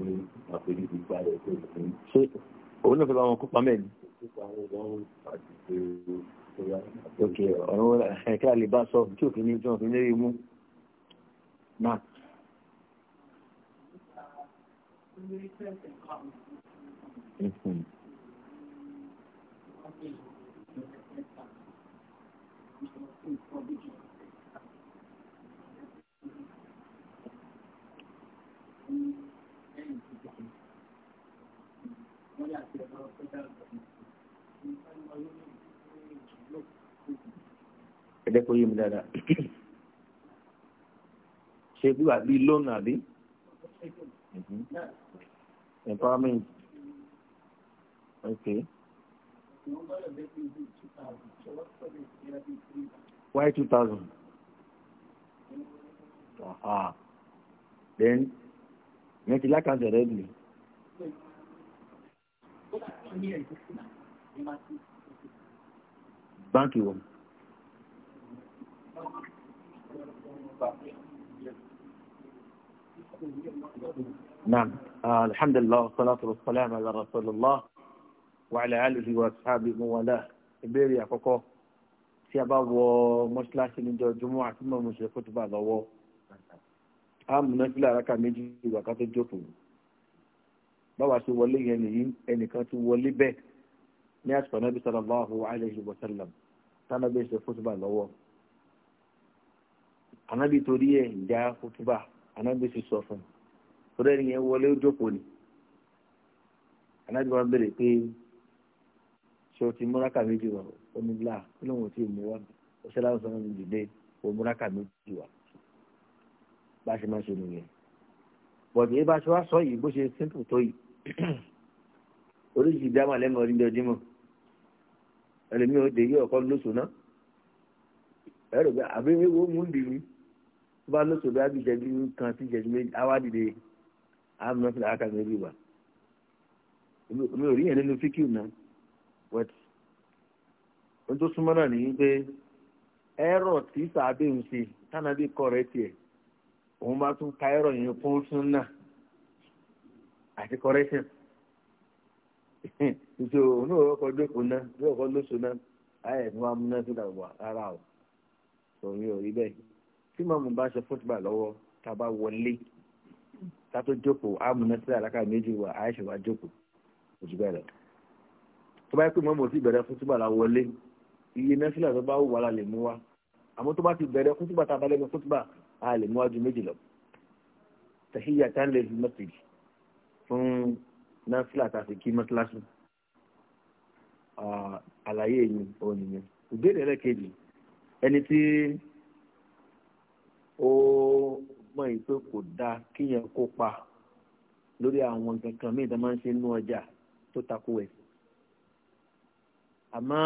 àpèjì ti gbá rẹ̀ tó lè ṣe. òun náà fẹ́ bá wọn kópa mẹ́rin. kópa wọn lọ́wọ́ àti pé ok ọ̀rọ̀ ẹ̀ka lè bá sọ tí òfin ní ìjọ òfin lè rí mú náà. ẹ̀dẹ́ kò yé mi dáadáa ṣe bí wà bí lónà àbí empowerment okay. why two thousand aha then make you like am directly. báńkì wo. Thank you. نعم آه الحمد لله والصلاة والسلام على رسول الله وعلى آله وأصحابه وله ìbéèrè àkọ́kọ́ tí a bá wọ mọ́ṣíláṣí níjọ jùmọ́ àti mọ́ mo ṣe kótóbà lọ́wọ́ a múná sílẹ̀ àràkà méjì ìwà ká tó jókòó báwa ṣe wọlé yẹn nìyí ẹnìkan ti wọlé bẹ́ẹ̀ ní àsìkò náà bí sallallahu alaihi wa sallam tánà bí ṣe kótóbà lọ́wọ́ ànábì torí ẹ̀ ń já kótóbà ànábì ṣe sọ fún un torí ẹni yẹn wọlé ó jókòó ni aláàbí wa béèrè pé ṣé o ti múraka méjì wá ó ní là ó lóun ò tí ì mú ó ṣe láwọn sọ́nà ní dìde ó múraka méjì wá bá a ṣe máa ṣe nìyẹn bọ̀dé bá a ṣe wá sọ yìí bó ṣe simple tó yìí oríṣiríṣi dáhùn alẹ́ mọ́ orílẹ̀ ọdún mọ́ ẹlẹ́mi ò dé yí ọ̀kọ́ lóṣù náà ẹ̀rọ àbí ewu mú ń dì mí bá lóṣù bí a bí kan sí ìṣẹ́jú méjì á wá dìde have nothing na happens Mi ò rí yẹn nínú fíkìú náà. But ohun tó súnmọ́ náà nìyí pé ẹ̀rọ tí sàábé ń ṣe tánàbí kọ rẹ̀ tiẹ̀ òun bá tún ka ẹ̀rọ yẹn kún sún náà àti correction. Ìṣòro òun náà yóò kọ́ náà yóò kọ́ lóṣù náà mú náà sí ìdàgbà rárá tátó jókòó amúnẹsílẹ̀ alákà méjì wà àìṣe wà jókòó ojú bẹ̀rẹ̀ tó bá yẹ pé mọ́mọ́ ti bẹ̀rẹ̀ fún túbà la wọlé iye nẹ́sílẹ̀ tó bá wù wá mú wa àmọ́ tó bá ti bẹ̀rẹ̀ fún túbà tá a bá lẹ́nu fún túbà a lè mú wa ju méjì lọ tẹ̀síyà tá ń lè fi mẹ́sìlì fún nẹ́sílẹ̀ tá fi kí mẹ́sílásì àlàyé yìí òun nìyẹn ìbéèrè ẹlẹ́kejì ẹni tí ó mọ̀ yìí pé kò dáa kíyàn kópa lórí àwọn kankan míì tó máa ń ṣe nú ọjà tó takò ẹ̀sìn àmọ́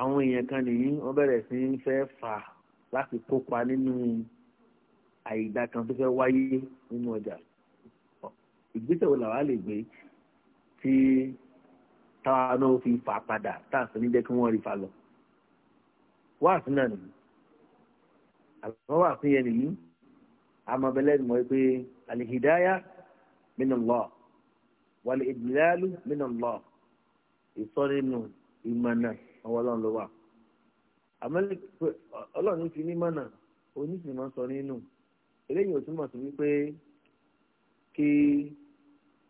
àwọn èèyàn kan nìyí wọ́n bẹ̀rẹ̀ sí ń fẹ́ fà láti kópa nínú àìgbà kan tó fẹ́ wáyé nínú ọjà ìgbésẹ̀ wo làwa lè gbé tí táwa náà fi fà padà tá a sì ní jẹ́ kí wọ́n rí fa lọ wáàsí náà nìyí àbúrò wáàsí yẹn nìyí amabẹ́lẹ́ mọ̀ pé alihidaya minallah wal idlalu minallah ìsọ́nínú ìmọ̀nà ọwọ́ ọlọ́run ló wà àmọ́lẹ́ ọlọ́run ti ní mọ̀nà onísìmọ̀ sọ nínú eléyìí ò túmọ̀ sí wípé kí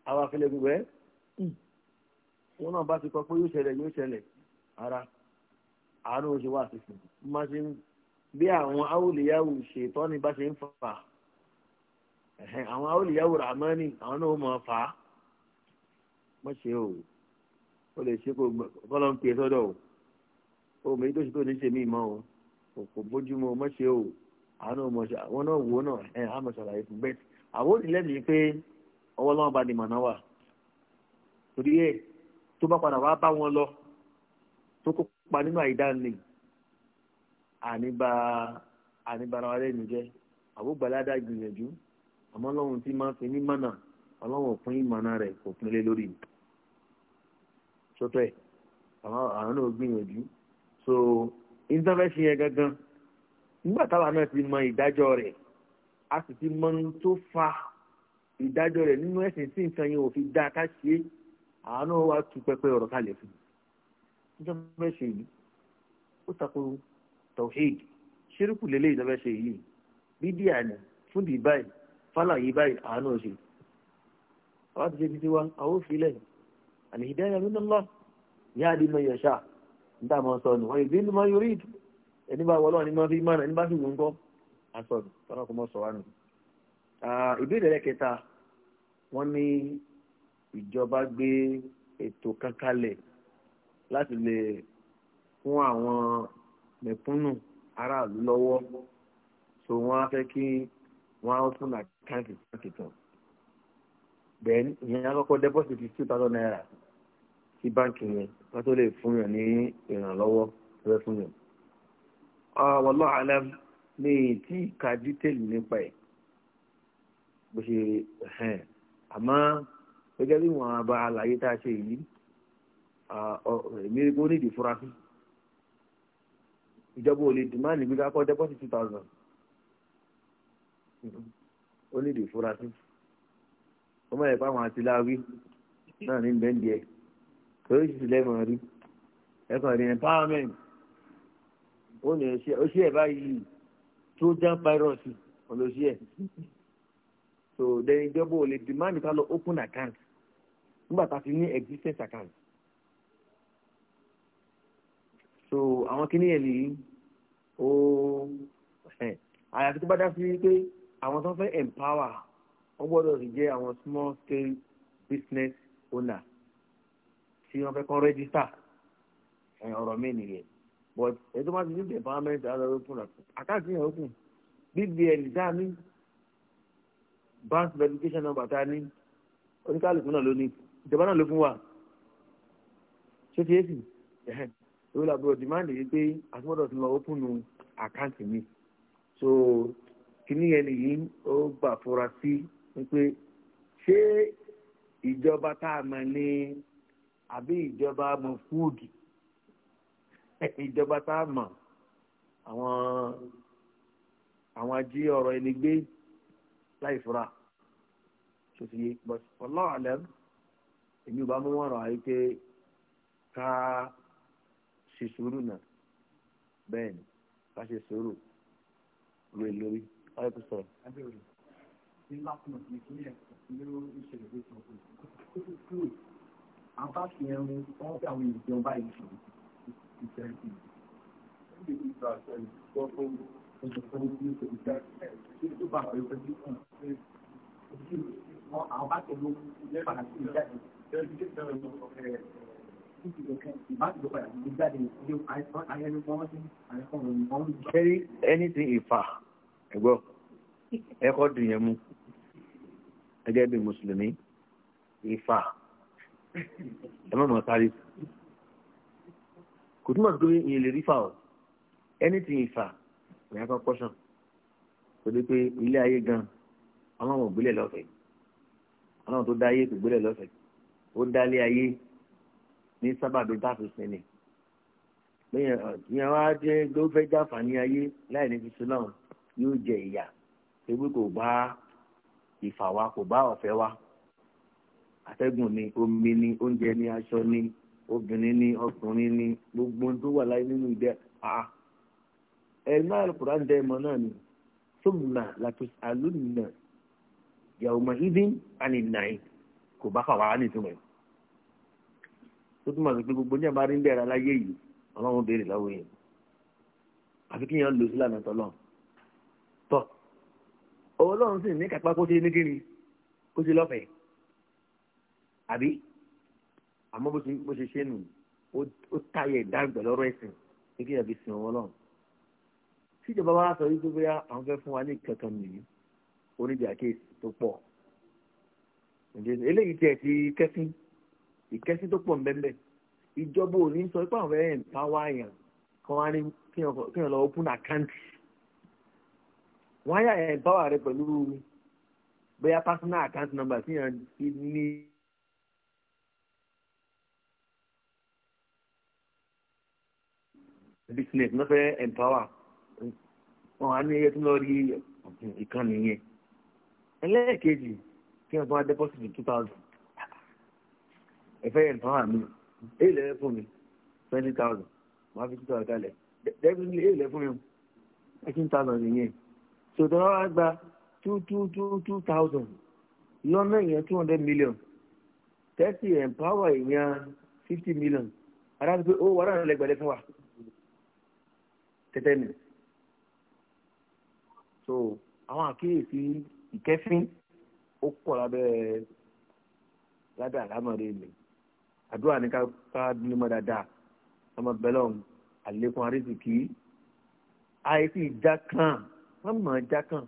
àwọn afẹ́lẹ́ gbogbo ẹ̀ wọn náà bá ti kọ pé yóò ṣẹlẹ̀ yóò ṣẹlẹ̀ ara àánú oṣù wa àti sùn bí àwọn awòlẹ́yàwó ṣètọ́ ni bá ṣe ń fà á àwọn olùyàwó ramani àwọn náà mọ̀ fà á mọ̀ ṣe o o lè ṣe kó bọ́lọ̀ ń pè sọ́dọ̀ o o mèyí tó ṣe tó ní ṣe mí mọ́ o kò bójúmọ́ mọ̀ ṣe o àwọn náà mọ̀ ṣe àwọn náà wò náà ẹ̀ á mọ̀ ṣàlàyé fún bẹ́ẹ̀ àwọn olùlẹ́mìí pé ọwọ́ lọ́wọ́ bá ní mọ̀nà wà torí ẹ̀ tó bá padà wá bá wọn lọ tó kópa nínú àìdáni àníbà àníbàrà wa lẹ́nu jẹ́ àbúgbàládà gbìyànjú àmọ́ ọlọ́run tí máa fi ní mánà fún ìmọ̀nà rẹ̀ kò pín lé lórí sọ́tọ̀ ẹ̀ àwọn náà gbìyànjú so intervention yẹn gangan nígbà táwa náà ti mọ ìdájọ́ rẹ̀ a sì ti mọ ohun tó fa ìdájọ́ rẹ̀ nínú ẹ̀sìn tí nǹkan yẹn ò fi dá ká ṣe àwọn náà wá tu pẹpẹ ọ̀rọ̀ kalẹ̀ fún yìí ó lélẹ́yìn yìí bídíà fálàyé báyìí àánú ṣe àwọn àti ṣe títí wa àwọn òfìlẹ̀ àní ìdáyà nínú lọ ní àdínà yẹ̀ṣà níta mọ́ sọnù wọ́n ìdí ní máa yorí ìdù ẹni bá wọlọ́ ní máa fi mánà ẹni bá sì wọ́n kọ́ asọ̀nù tọ́lá kò mọ́ sọ wá nù. ìbéèrè rẹ̀ kẹta wọ́n ní ìjọba gbé ètò kan láti lè fún àwọn mẹ̀kúnnù aráàlú lọ́wọ́ so wọ́n á fẹ́ kí wọn á tún àkáǹtì báńkì tán bẹ́ẹ̀ ìyẹn akọ́kọ́ dẹ́pọ́sìtì two thousand naira sí báńkì yẹn wọn tó lè fún yàn ní ìrànlọ́wọ́ rẹ fún yàn. wallahu alam ní tí ìka dítẹ́lì nípa ẹ̀ e. bó ṣe hàn eh, àmọ́ gẹ́gẹ́ bí wọ́n bá àlàyé tá a ṣe yìí èmi rí pé ó ní ìdí fura sí ìjọba ò lè dìmáàlì gbígbá kọ́ dẹ́pọ́sìtì two thousand ó nídìí ìfurasí ó mọ̀ ẹ̀pá àwọn àtìláwí náà ní bẹ́ẹ̀ díẹ̀ torí sì lẹ́mọ̀ rí ẹ̀kọ́ ní empowerment ó ní oṣù ẹ̀ báyìí trojan virus olóṣù ẹ̀ so then ìjọba ò lè demand ká lọ open account nígbà tá a ti ní existence account so àwọn kìnìyàn nìyí ó àyàfi tó bá dá sí pé àwọn tó fẹ́ empower wọ́n gbọ́dọ̀ sì jẹ́ àwọn small scale business owner tí wọ́n fẹ́ kọ́ register ọ̀rọ̀ mi nìyẹn but èyí tó ti ní the empowerment àlọ́ open àkáǹtì yẹn open bbl tá a ní bank verification number tá a ní oníkálùkù náà ló ní ìjọba náà ló fún wa ṣé ti èsì ìwé làbúrò demand yìí pé àtúbọ̀dọ̀ ti lọ open àkáǹtì mi so kíní ẹni yìí ó gbà fura sí wípé ṣé ìjọba tá a mọ̀ ní àbí ìjọba mọ̀ fúùdù ìjọba tá a mọ̀ àwọn àwọn ají ọ̀rọ̀ ẹni gbé láì fura tó ti yé èmi ò bá mú wọn rọ̀ àyíké ká ṣe sùúrù náà bẹ́ẹ̀ ni ká ṣe sùúrù lórí lórí ọ̀rẹ́kù sọ̀rọ̀. Anything ìfà ẹ̀gbọ́n. ẹ̀kọ́ dùn yẹn mú gẹ́gẹ́ bí mùsùlùmí ìfà ẹ má mọ̀ sáré kò túmọ̀ sí pé ìyẹn lè rí fà o ẹni tí ìfà ìyá kan pọ́ṣàn kò dé pé ilé ayé gan ọlọ́run ò gbélé lọ́fẹ̀ẹ́ ọlọ́run tó dá ayé kò gbélé lọ́fẹ̀ẹ́ ó dálé ayé ní sábàbí bá fi sinmi ìyẹn wá jẹ́ ló fẹ́ jáfà ní ayé láì ní fi sinmi yóò jẹ ìyà ewé kò bá ìfà wa kò bá ọ̀fẹ́ wa atẹ́gùn ni omi ni oúnjẹ ni aṣọ ni obìnrin ni ọkùnrin ni gbogbo ohun tó wà láyé nínú ìdẹ àá ẹ̀rínà alukuran dẹ́ ẹ̀mọ náà ni sọ́mùnà latus alúnà yàwùmọ̀ ìdín àní nàì kò bá fà wá nítumọ̀ ẹ̀ tó túmọ̀ sí pé gbogbo ní àbá rí ń bẹ̀rẹ̀ aláyé yìí ọlọ́run béèrè lọ́wọ́ yẹn àfi kí yẹn lò sí lànà ọlọ́run sì ní kápá kó ṣe ní kíni kó ṣe lọ́fẹ̀ẹ́ àbí àmọ́ bó ṣe ṣe nù ó táyà ìdáǹgbẹ̀ lọ́rọ̀ ẹ̀sìn ní kí ẹ̀bí sin ọwọ́ lọ́run tíjọba wa sọ yìí tó bóyá àwọn fẹ́ fún wa ní kankan nìyí oníbi àkéèsí tó pọ̀ eléyìí tiẹ̀ ti kẹ́sìn ìkẹ́sìn tó pọ̀ nbẹ́nbẹ́ ìjọba ò ní sọ pé àwọn fẹ́ empower èèyàn kan wá ní kí wọ́n lọ open account wọ́n á yà ẹ̀ báwà rẹ pẹ̀lú bóyá personal account number sí yàn ní. business náà fẹ́ empower wọn á ní ẹyẹ tó lọ rí ìkànnì yẹn ẹlẹ́ẹ̀kejì kí wọ́n fún wa deposit two thousand ẹ̀fẹ́ empower mi èyí lẹ́yìn fún mi twenty thousand wọ́n á fi two thousand kalẹ̀ definitely èyí lẹ́yìn fún mi eighteen thousand nìyẹn tòtọ́ wá gba two two two two thousand lọ́nà ìyẹn two hundred million thirty empower ìyẹn fifty million adájọ́ pé ó wà láàrin lẹ́gbẹ̀lẹ́ fún wa tẹ́tẹ́ mi so àwọn àkíyèsí ìkẹ́fín ó pọ̀ lábẹ́ lábẹ́ àlámọ̀dé mi àdúrà ní ká ká dúró mọ́ dáadáa ọmọ bẹ́lọ̀ àlékún àrísìkí àìsí ìjà kan wọ́n mọ̀ ọ́ jákàn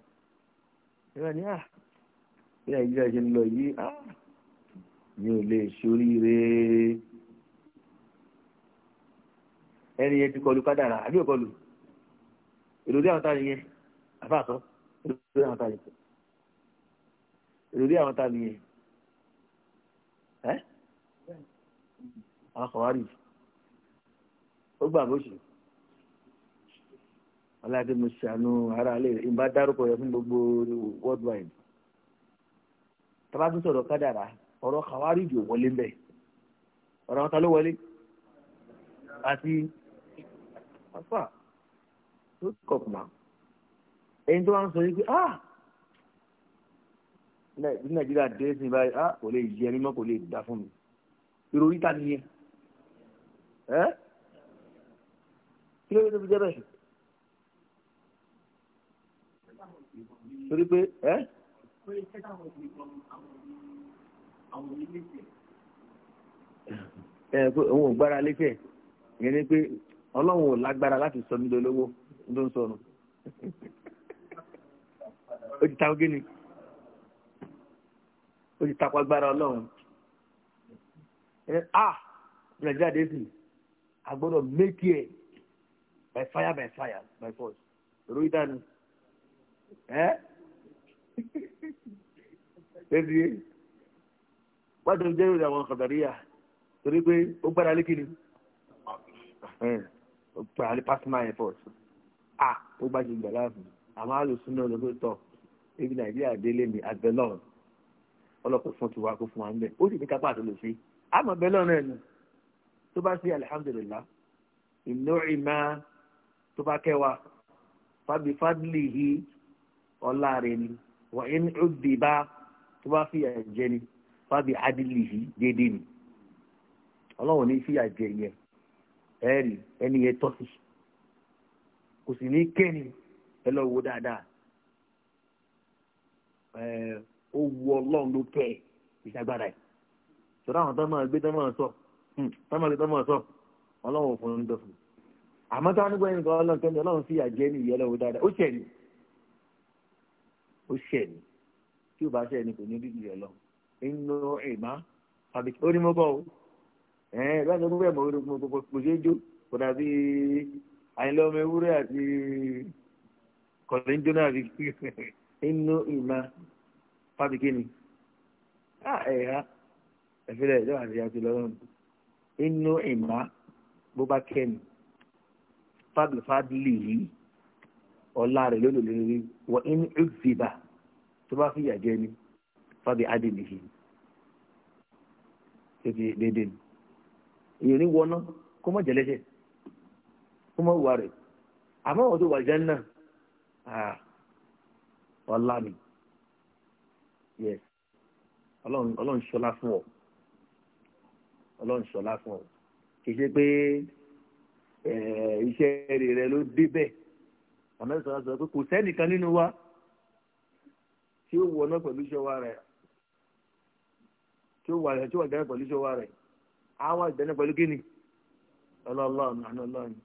ìwọ́n ni ah bí nàìjíríà ṣe ń lọ yìí ah mi ò lè ṣoríire ẹni yẹn ti kọlu kádàrà àbí òkọlù èròdí àwọn táwọn yẹn àfàtọ èròdí àwọn táwọn yẹn èròdí àwọn táwọn yẹn ẹ àwọn kọ̀wárì ó gbà bó ṣe aláàdé mo ṣàánú ara lè ìbá dárúkọ rẹ fún gbogbo worldwide tábà tún sọ̀rọ̀ kádàrà ọ̀rọ̀ kàwárìjì ò wọlé mbẹ́ ọ̀rọ̀ ọ̀tá ló wọlé àti ọ̀fà tó kọ̀kùnmá ẹni tó wá ń sọ yìí pé ah bí nàìjíríà dé sí báyìí ah kò lè yẹ ẹni mọ́ kò lè dá fún mi ìròyìn ta nìyẹn ẹ́ kí ló dé tó fi jẹ́ bẹ́ẹ̀. torí pé ẹ́. ẹ pé òun ò gbára lékè yẹn ni pé ọlọ́run ò lágbára láti sọ mí lólówó ló ń sọnù ó ti ta ogé ni ó ti takọ agbára ọlọ́run ẹ a nàìjíríà dé sí a méjì ẹ̀ by fire by fire by force lórí dání ẹ́. Eh? tẹ́sí yé wọ́n ti jẹ́ ìròyìn àwọn kọ̀dọ̀ríyà torí pé ó gbára lé kíni ó gbára lé personal effort ah ó gbá ṣe gbàlá fún àwọn alùsùn náà lọ́dún tọ̀ ebi nàìjíríà délé ní abẹ́lọ́n ọlọ́pàá fún tiwa kó fún wa ń bẹ̀ ó sì ní kápá àti lòsí àmọ́ abẹ́lọ́n náà ni tó bá sí alihamudulilah ìnáwó ìmá tó bá kẹwàá fábí fádìlì yìí ọlá rẹ ni. wà ní ọdẹ bá tó bá fìyà jẹ ni fábí adìlì yìí déédéé ni ọlọ́run ní fìyà jẹ yẹn ọlọ́run ló kẹ́ ẹ ìṣàgbára ẹ sọ̀rọ̀ àwọn tó máa gbé tó máa sọ hmm, tó máa gbé tó máa sọ ọlọ́run fún un àmọ́ nígbà yẹn ọlọ́run kẹ́ni ọlọ́run dáadáa ó ṣẹ̀lẹ̀. ó ṣẹ̀ ni tí ò bá ṣẹ̀ ni kò ní dídì rẹ̀ lọ inú ìmá àbí ó ní mo bọ̀ o ẹ̀ẹ́n láti ọdún bẹ́ẹ̀ mọ̀ orí mo kò ṣe é jó kò dàbí àyìnlọ́mọ ewúrẹ́ àti kọ̀lẹ́ ń jóná àbí inú ìmá fábí kí ni ẹ̀yà ẹ̀fílẹ̀ ìjọba àti àti lọ́rùn inú ìmá bó bá kẹ́ni fábí fábí yìí ọlá rẹ̀ lọ́dọ̀ lórí wọ́n in ìzìbà tó bá fìyà jẹ ni fábí adìmìhì títí dédé ni èyàn ní wọná kó mọ̀ jẹ́lẹ́jẹ́ kó mọ̀ wà rẹ̀ àmọ́ ọ̀dọ̀ wà jẹ́ náà ọlá mi yes ọlọ́run ṣọlá fún ọ ọlọ́run ṣọlá fún ọ kì í ṣe pé iṣẹ́ rere ló débẹ̀ àmẹ́sì sọ̀rọ̀ sọ pé kò sẹ́nìkan nínú wa tí ó wọná pẹ̀lú ìṣọwá rẹ̀ tí ó wà tí ó wà ìdáná pẹ̀lú ìṣọwá rẹ̀ á wà ìdáná pẹ̀lú kíni ọlọ́ọ̀lọ́ọ̀nù àná ọlọ́ọ̀nù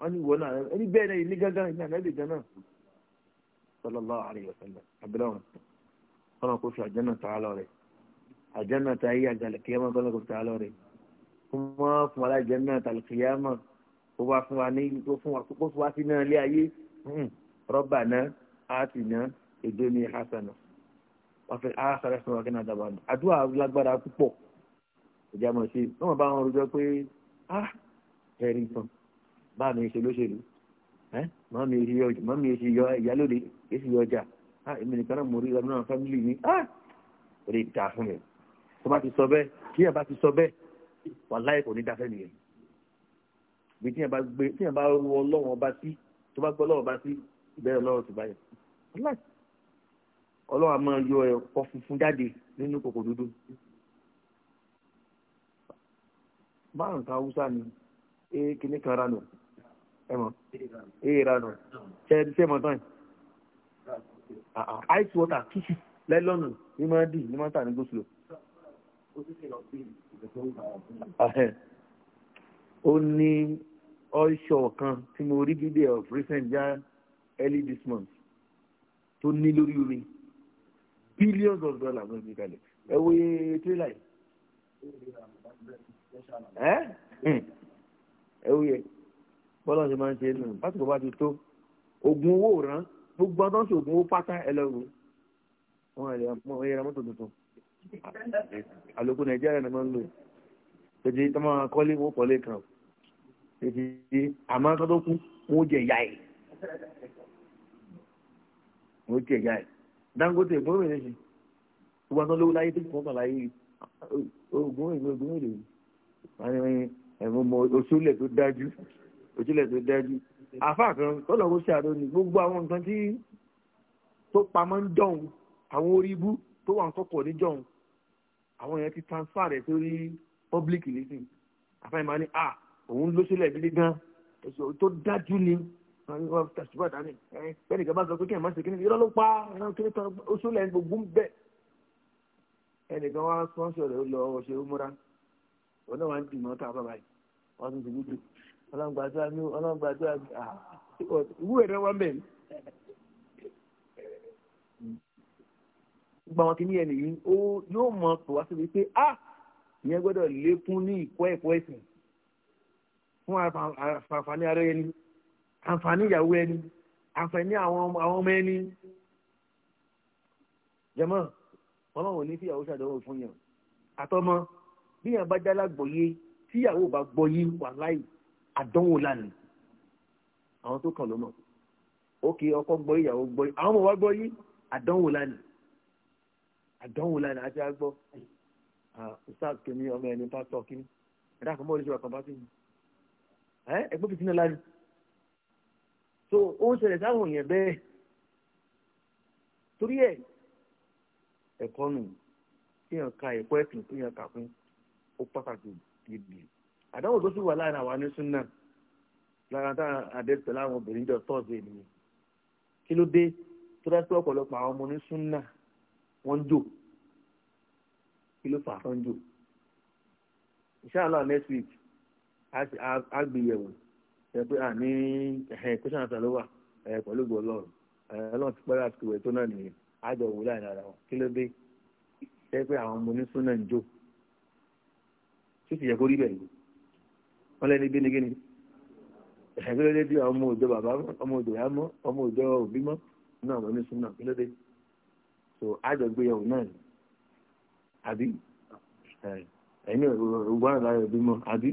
wọ́n ní ìwọ náà ẹni bẹ́ẹ̀ náà ní gángan ní ànábì gan náà sallallahu alaihi wasallam abdulhamu kọ́nà kó fi àjẹ́nà tàá lọ rẹ̀ àjẹ́nà tàá yí àjàlẹ̀ tó wá fún wa ní tó fún wa kó fún wa sí náà lé ayé rọ́bà náà á sì ná èdè ní hasana wọ́n fẹ́ á sáré fún wa kí náà dábàá nù àdúrà lágbára púpọ̀ ìjà mọ̀ sí i wọ́n bá wọn rojọ́ pé á ẹ̀rí tán báà mi ṣe lóṣèlú ẹ́ mọ́ yọ mọ́ mi èsì yọ ọjà á èmi nìkan náà mo rí ọdún náà fámìlì mi á rí ìta fún mi tó bá ti sọ bẹ́ẹ̀ kí ẹ̀ bá ti sọ bẹ́ẹ̀ wàláhì kò ní dáfẹ́ nìyẹn bí tíyẹn bá gbé tíyẹn bá ru ọlọ́run ọba sí tó bá gbọ́ ọlọ́run ọba sí ìbẹ̀rẹ̀ ọlọ́run ti báyọ̀ ọlọ́run àmọ́ yọ ẹ̀kọ́ funfun jáde nínú kòkò dúdú márùn kan haúsá ni ee kìíní kan ranù ẹmọ ee ranù ṣẹ́ẹ̀mọ tán ice water tútù lẹ́lọ́nù ní máa dì ní máa tà ní goslo ó ní oil show kan tí mo rí video of recent já early this month tó ní lórí omi billions of dollars ló fi kalẹ̀ ẹ wo iye trailer yìí ẹ ẹ wo iye bọ́lá ṣe máa ń ṣe é nù pásítọ̀ bá ti tó ogun owó rán gbogbo ọdún sí ogun owó pátá ẹ lọ́rùn wọn ẹ ra mọ́tò tuntun àlòkù nàìjíríà náà máa ń lò tètè tó máa kọ́lé owó kọ́lé ètí àmọ́ tó tó kú wọ́n jẹ ìyá ẹ̀ wọ́n jẹ ìyá ẹ̀ Dangote gbọ́dọ̀ yẹn ṣe gbogbo àtọ́ lówó láyé tó kọ́ kàn láyé ogun èlò ogun èlò ẹ̀wọ̀n mọ òṣùlẹ̀ tó dájú òṣùlẹ̀ tó dájú àfáà kan tọ́lọ̀ kó ṣe àdó ni gbogbo àwọn nǹkan tí tó pamọ́ ń dọ̀hún àwọn orí ibú tó wà ń kọ́kọ́ ní dọ̀hún àwọn yẹn ti transfer rẹ̀ sórí public listing àfáà ìmọ̀ ni ah òun ló sílẹ̀ gidi gan èso tó dájú ni tàṣùbà dání bẹ́ẹ̀ni gàmá sọ pé kí ẹ̀ má ṣe kíni irọ́ ló pa kíni kan oṣù lẹ́yìn gbogbo ń bẹ̀ ẹnìkan wá sponsor rẹ̀ lọ ọ̀ṣẹ̀ múra òun náà wà ń dìmọ̀ ká bàbá yìí wọ́n tún ti dúdú ọlọ́ngbàdúrà ní ọlọ́ngbàdúrà ah, ìwúrẹ̀ rẹ̀ wọ́n bẹ̀ mí. gbogbo àwọn kìnìyàn nìyí yóò mọ̀ pọ̀ wá síbi pé ah ìyẹn gbọ́dọ̀ lékún ní ìkọ́ ẹ̀kọ́ ẹ̀sìn fún àǹfààní ara ẹni àǹfààní ìyàwó ẹni àǹfààní àwọn ọmọ ẹni jẹmọ ọlọ́run ní fìyàwó ṣàdánwò fún yàn àtọmọ bí yàn bá jálá gbọ́yé tíyàwó bá gbọ́yé wà láì àdánwò lánàá àwọn tó kàn ló mọ̀ ókè ọkọ gbọ́yé ìyàwó gbọ́yé àwọn ọmọ wa gbọ́yé àdánwò lánàá àdánwò lánàá àti àgbọ ọsàkìní ọmọ ẹni pásítọ kìíní ẹ̀dá kan mọ oríṣiríṣi ọkàn bá ti yìí ẹgbẹ́ fìtínà láàyè so ó ń ṣẹlẹ̀ sáwọn èèyàn bẹ́ẹ̀ torí ẹ̀ ẹ̀kọ́ nù kí èèyàn ka ẹ̀kọ́ ẹ̀sìn kí èèyàn kà fún ó pàtàkì gidi àdáwò tó sì wà láàrin àwa ní súnà lára tá àdẹ́sí pẹ̀lú àwọn obìnrin jọ tọ́ọ̀sì ènìyàn kí ló dé tó dá sí ọ̀pọ̀lọpọ̀ àwọn ọmọ ní súnà wọ́n ń jò kí ló fà á tó ń jò inshallah next week àgbéyẹ̀wò ẹ pé àní question answer ló wà pẹ̀lú gbọ́ ọlọ́run ọlọ́run ti pẹ́rẹ́ àti ìwé tó náà nìyẹn àjọ òwò láì lára wọn kí ló dé ṣe pé àwọn ọmọ onísúná ń jó tó sì yẹ kó rí bẹ́ẹ̀ ni wọ́n lẹ́ni bí ni kí ni ẹ̀ẹ́dẹ́gbẹ́lẹ́dẹ́ bí ọmọ òjò bàbá ọmọ òjò yá mọ́ ọmọ òjò òbí mọ́ náà wọ́n ní súnmọ́ kí ló dé so àjọgbéyàwó náà ni àbí ẹ̀yin ògbọ́n àlàyé òbí mọ́ àbí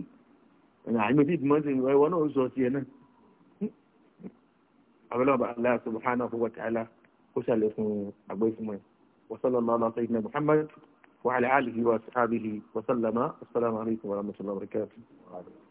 àìmọ̀tí ìdìmọ̀ sí ìwọ náà ó sọ sí ẹ náà abẹ́lẹ́ bá Allah subhanahu wa ta'ala ó ṣàlẹ̀ fún àgbẹ̀ fún ẹ wasallallahu ala sayyidina muhammad wa ala alihi wa sahbihi wa sallama assalamu alaikum wa rahmatullahi wa barakatuh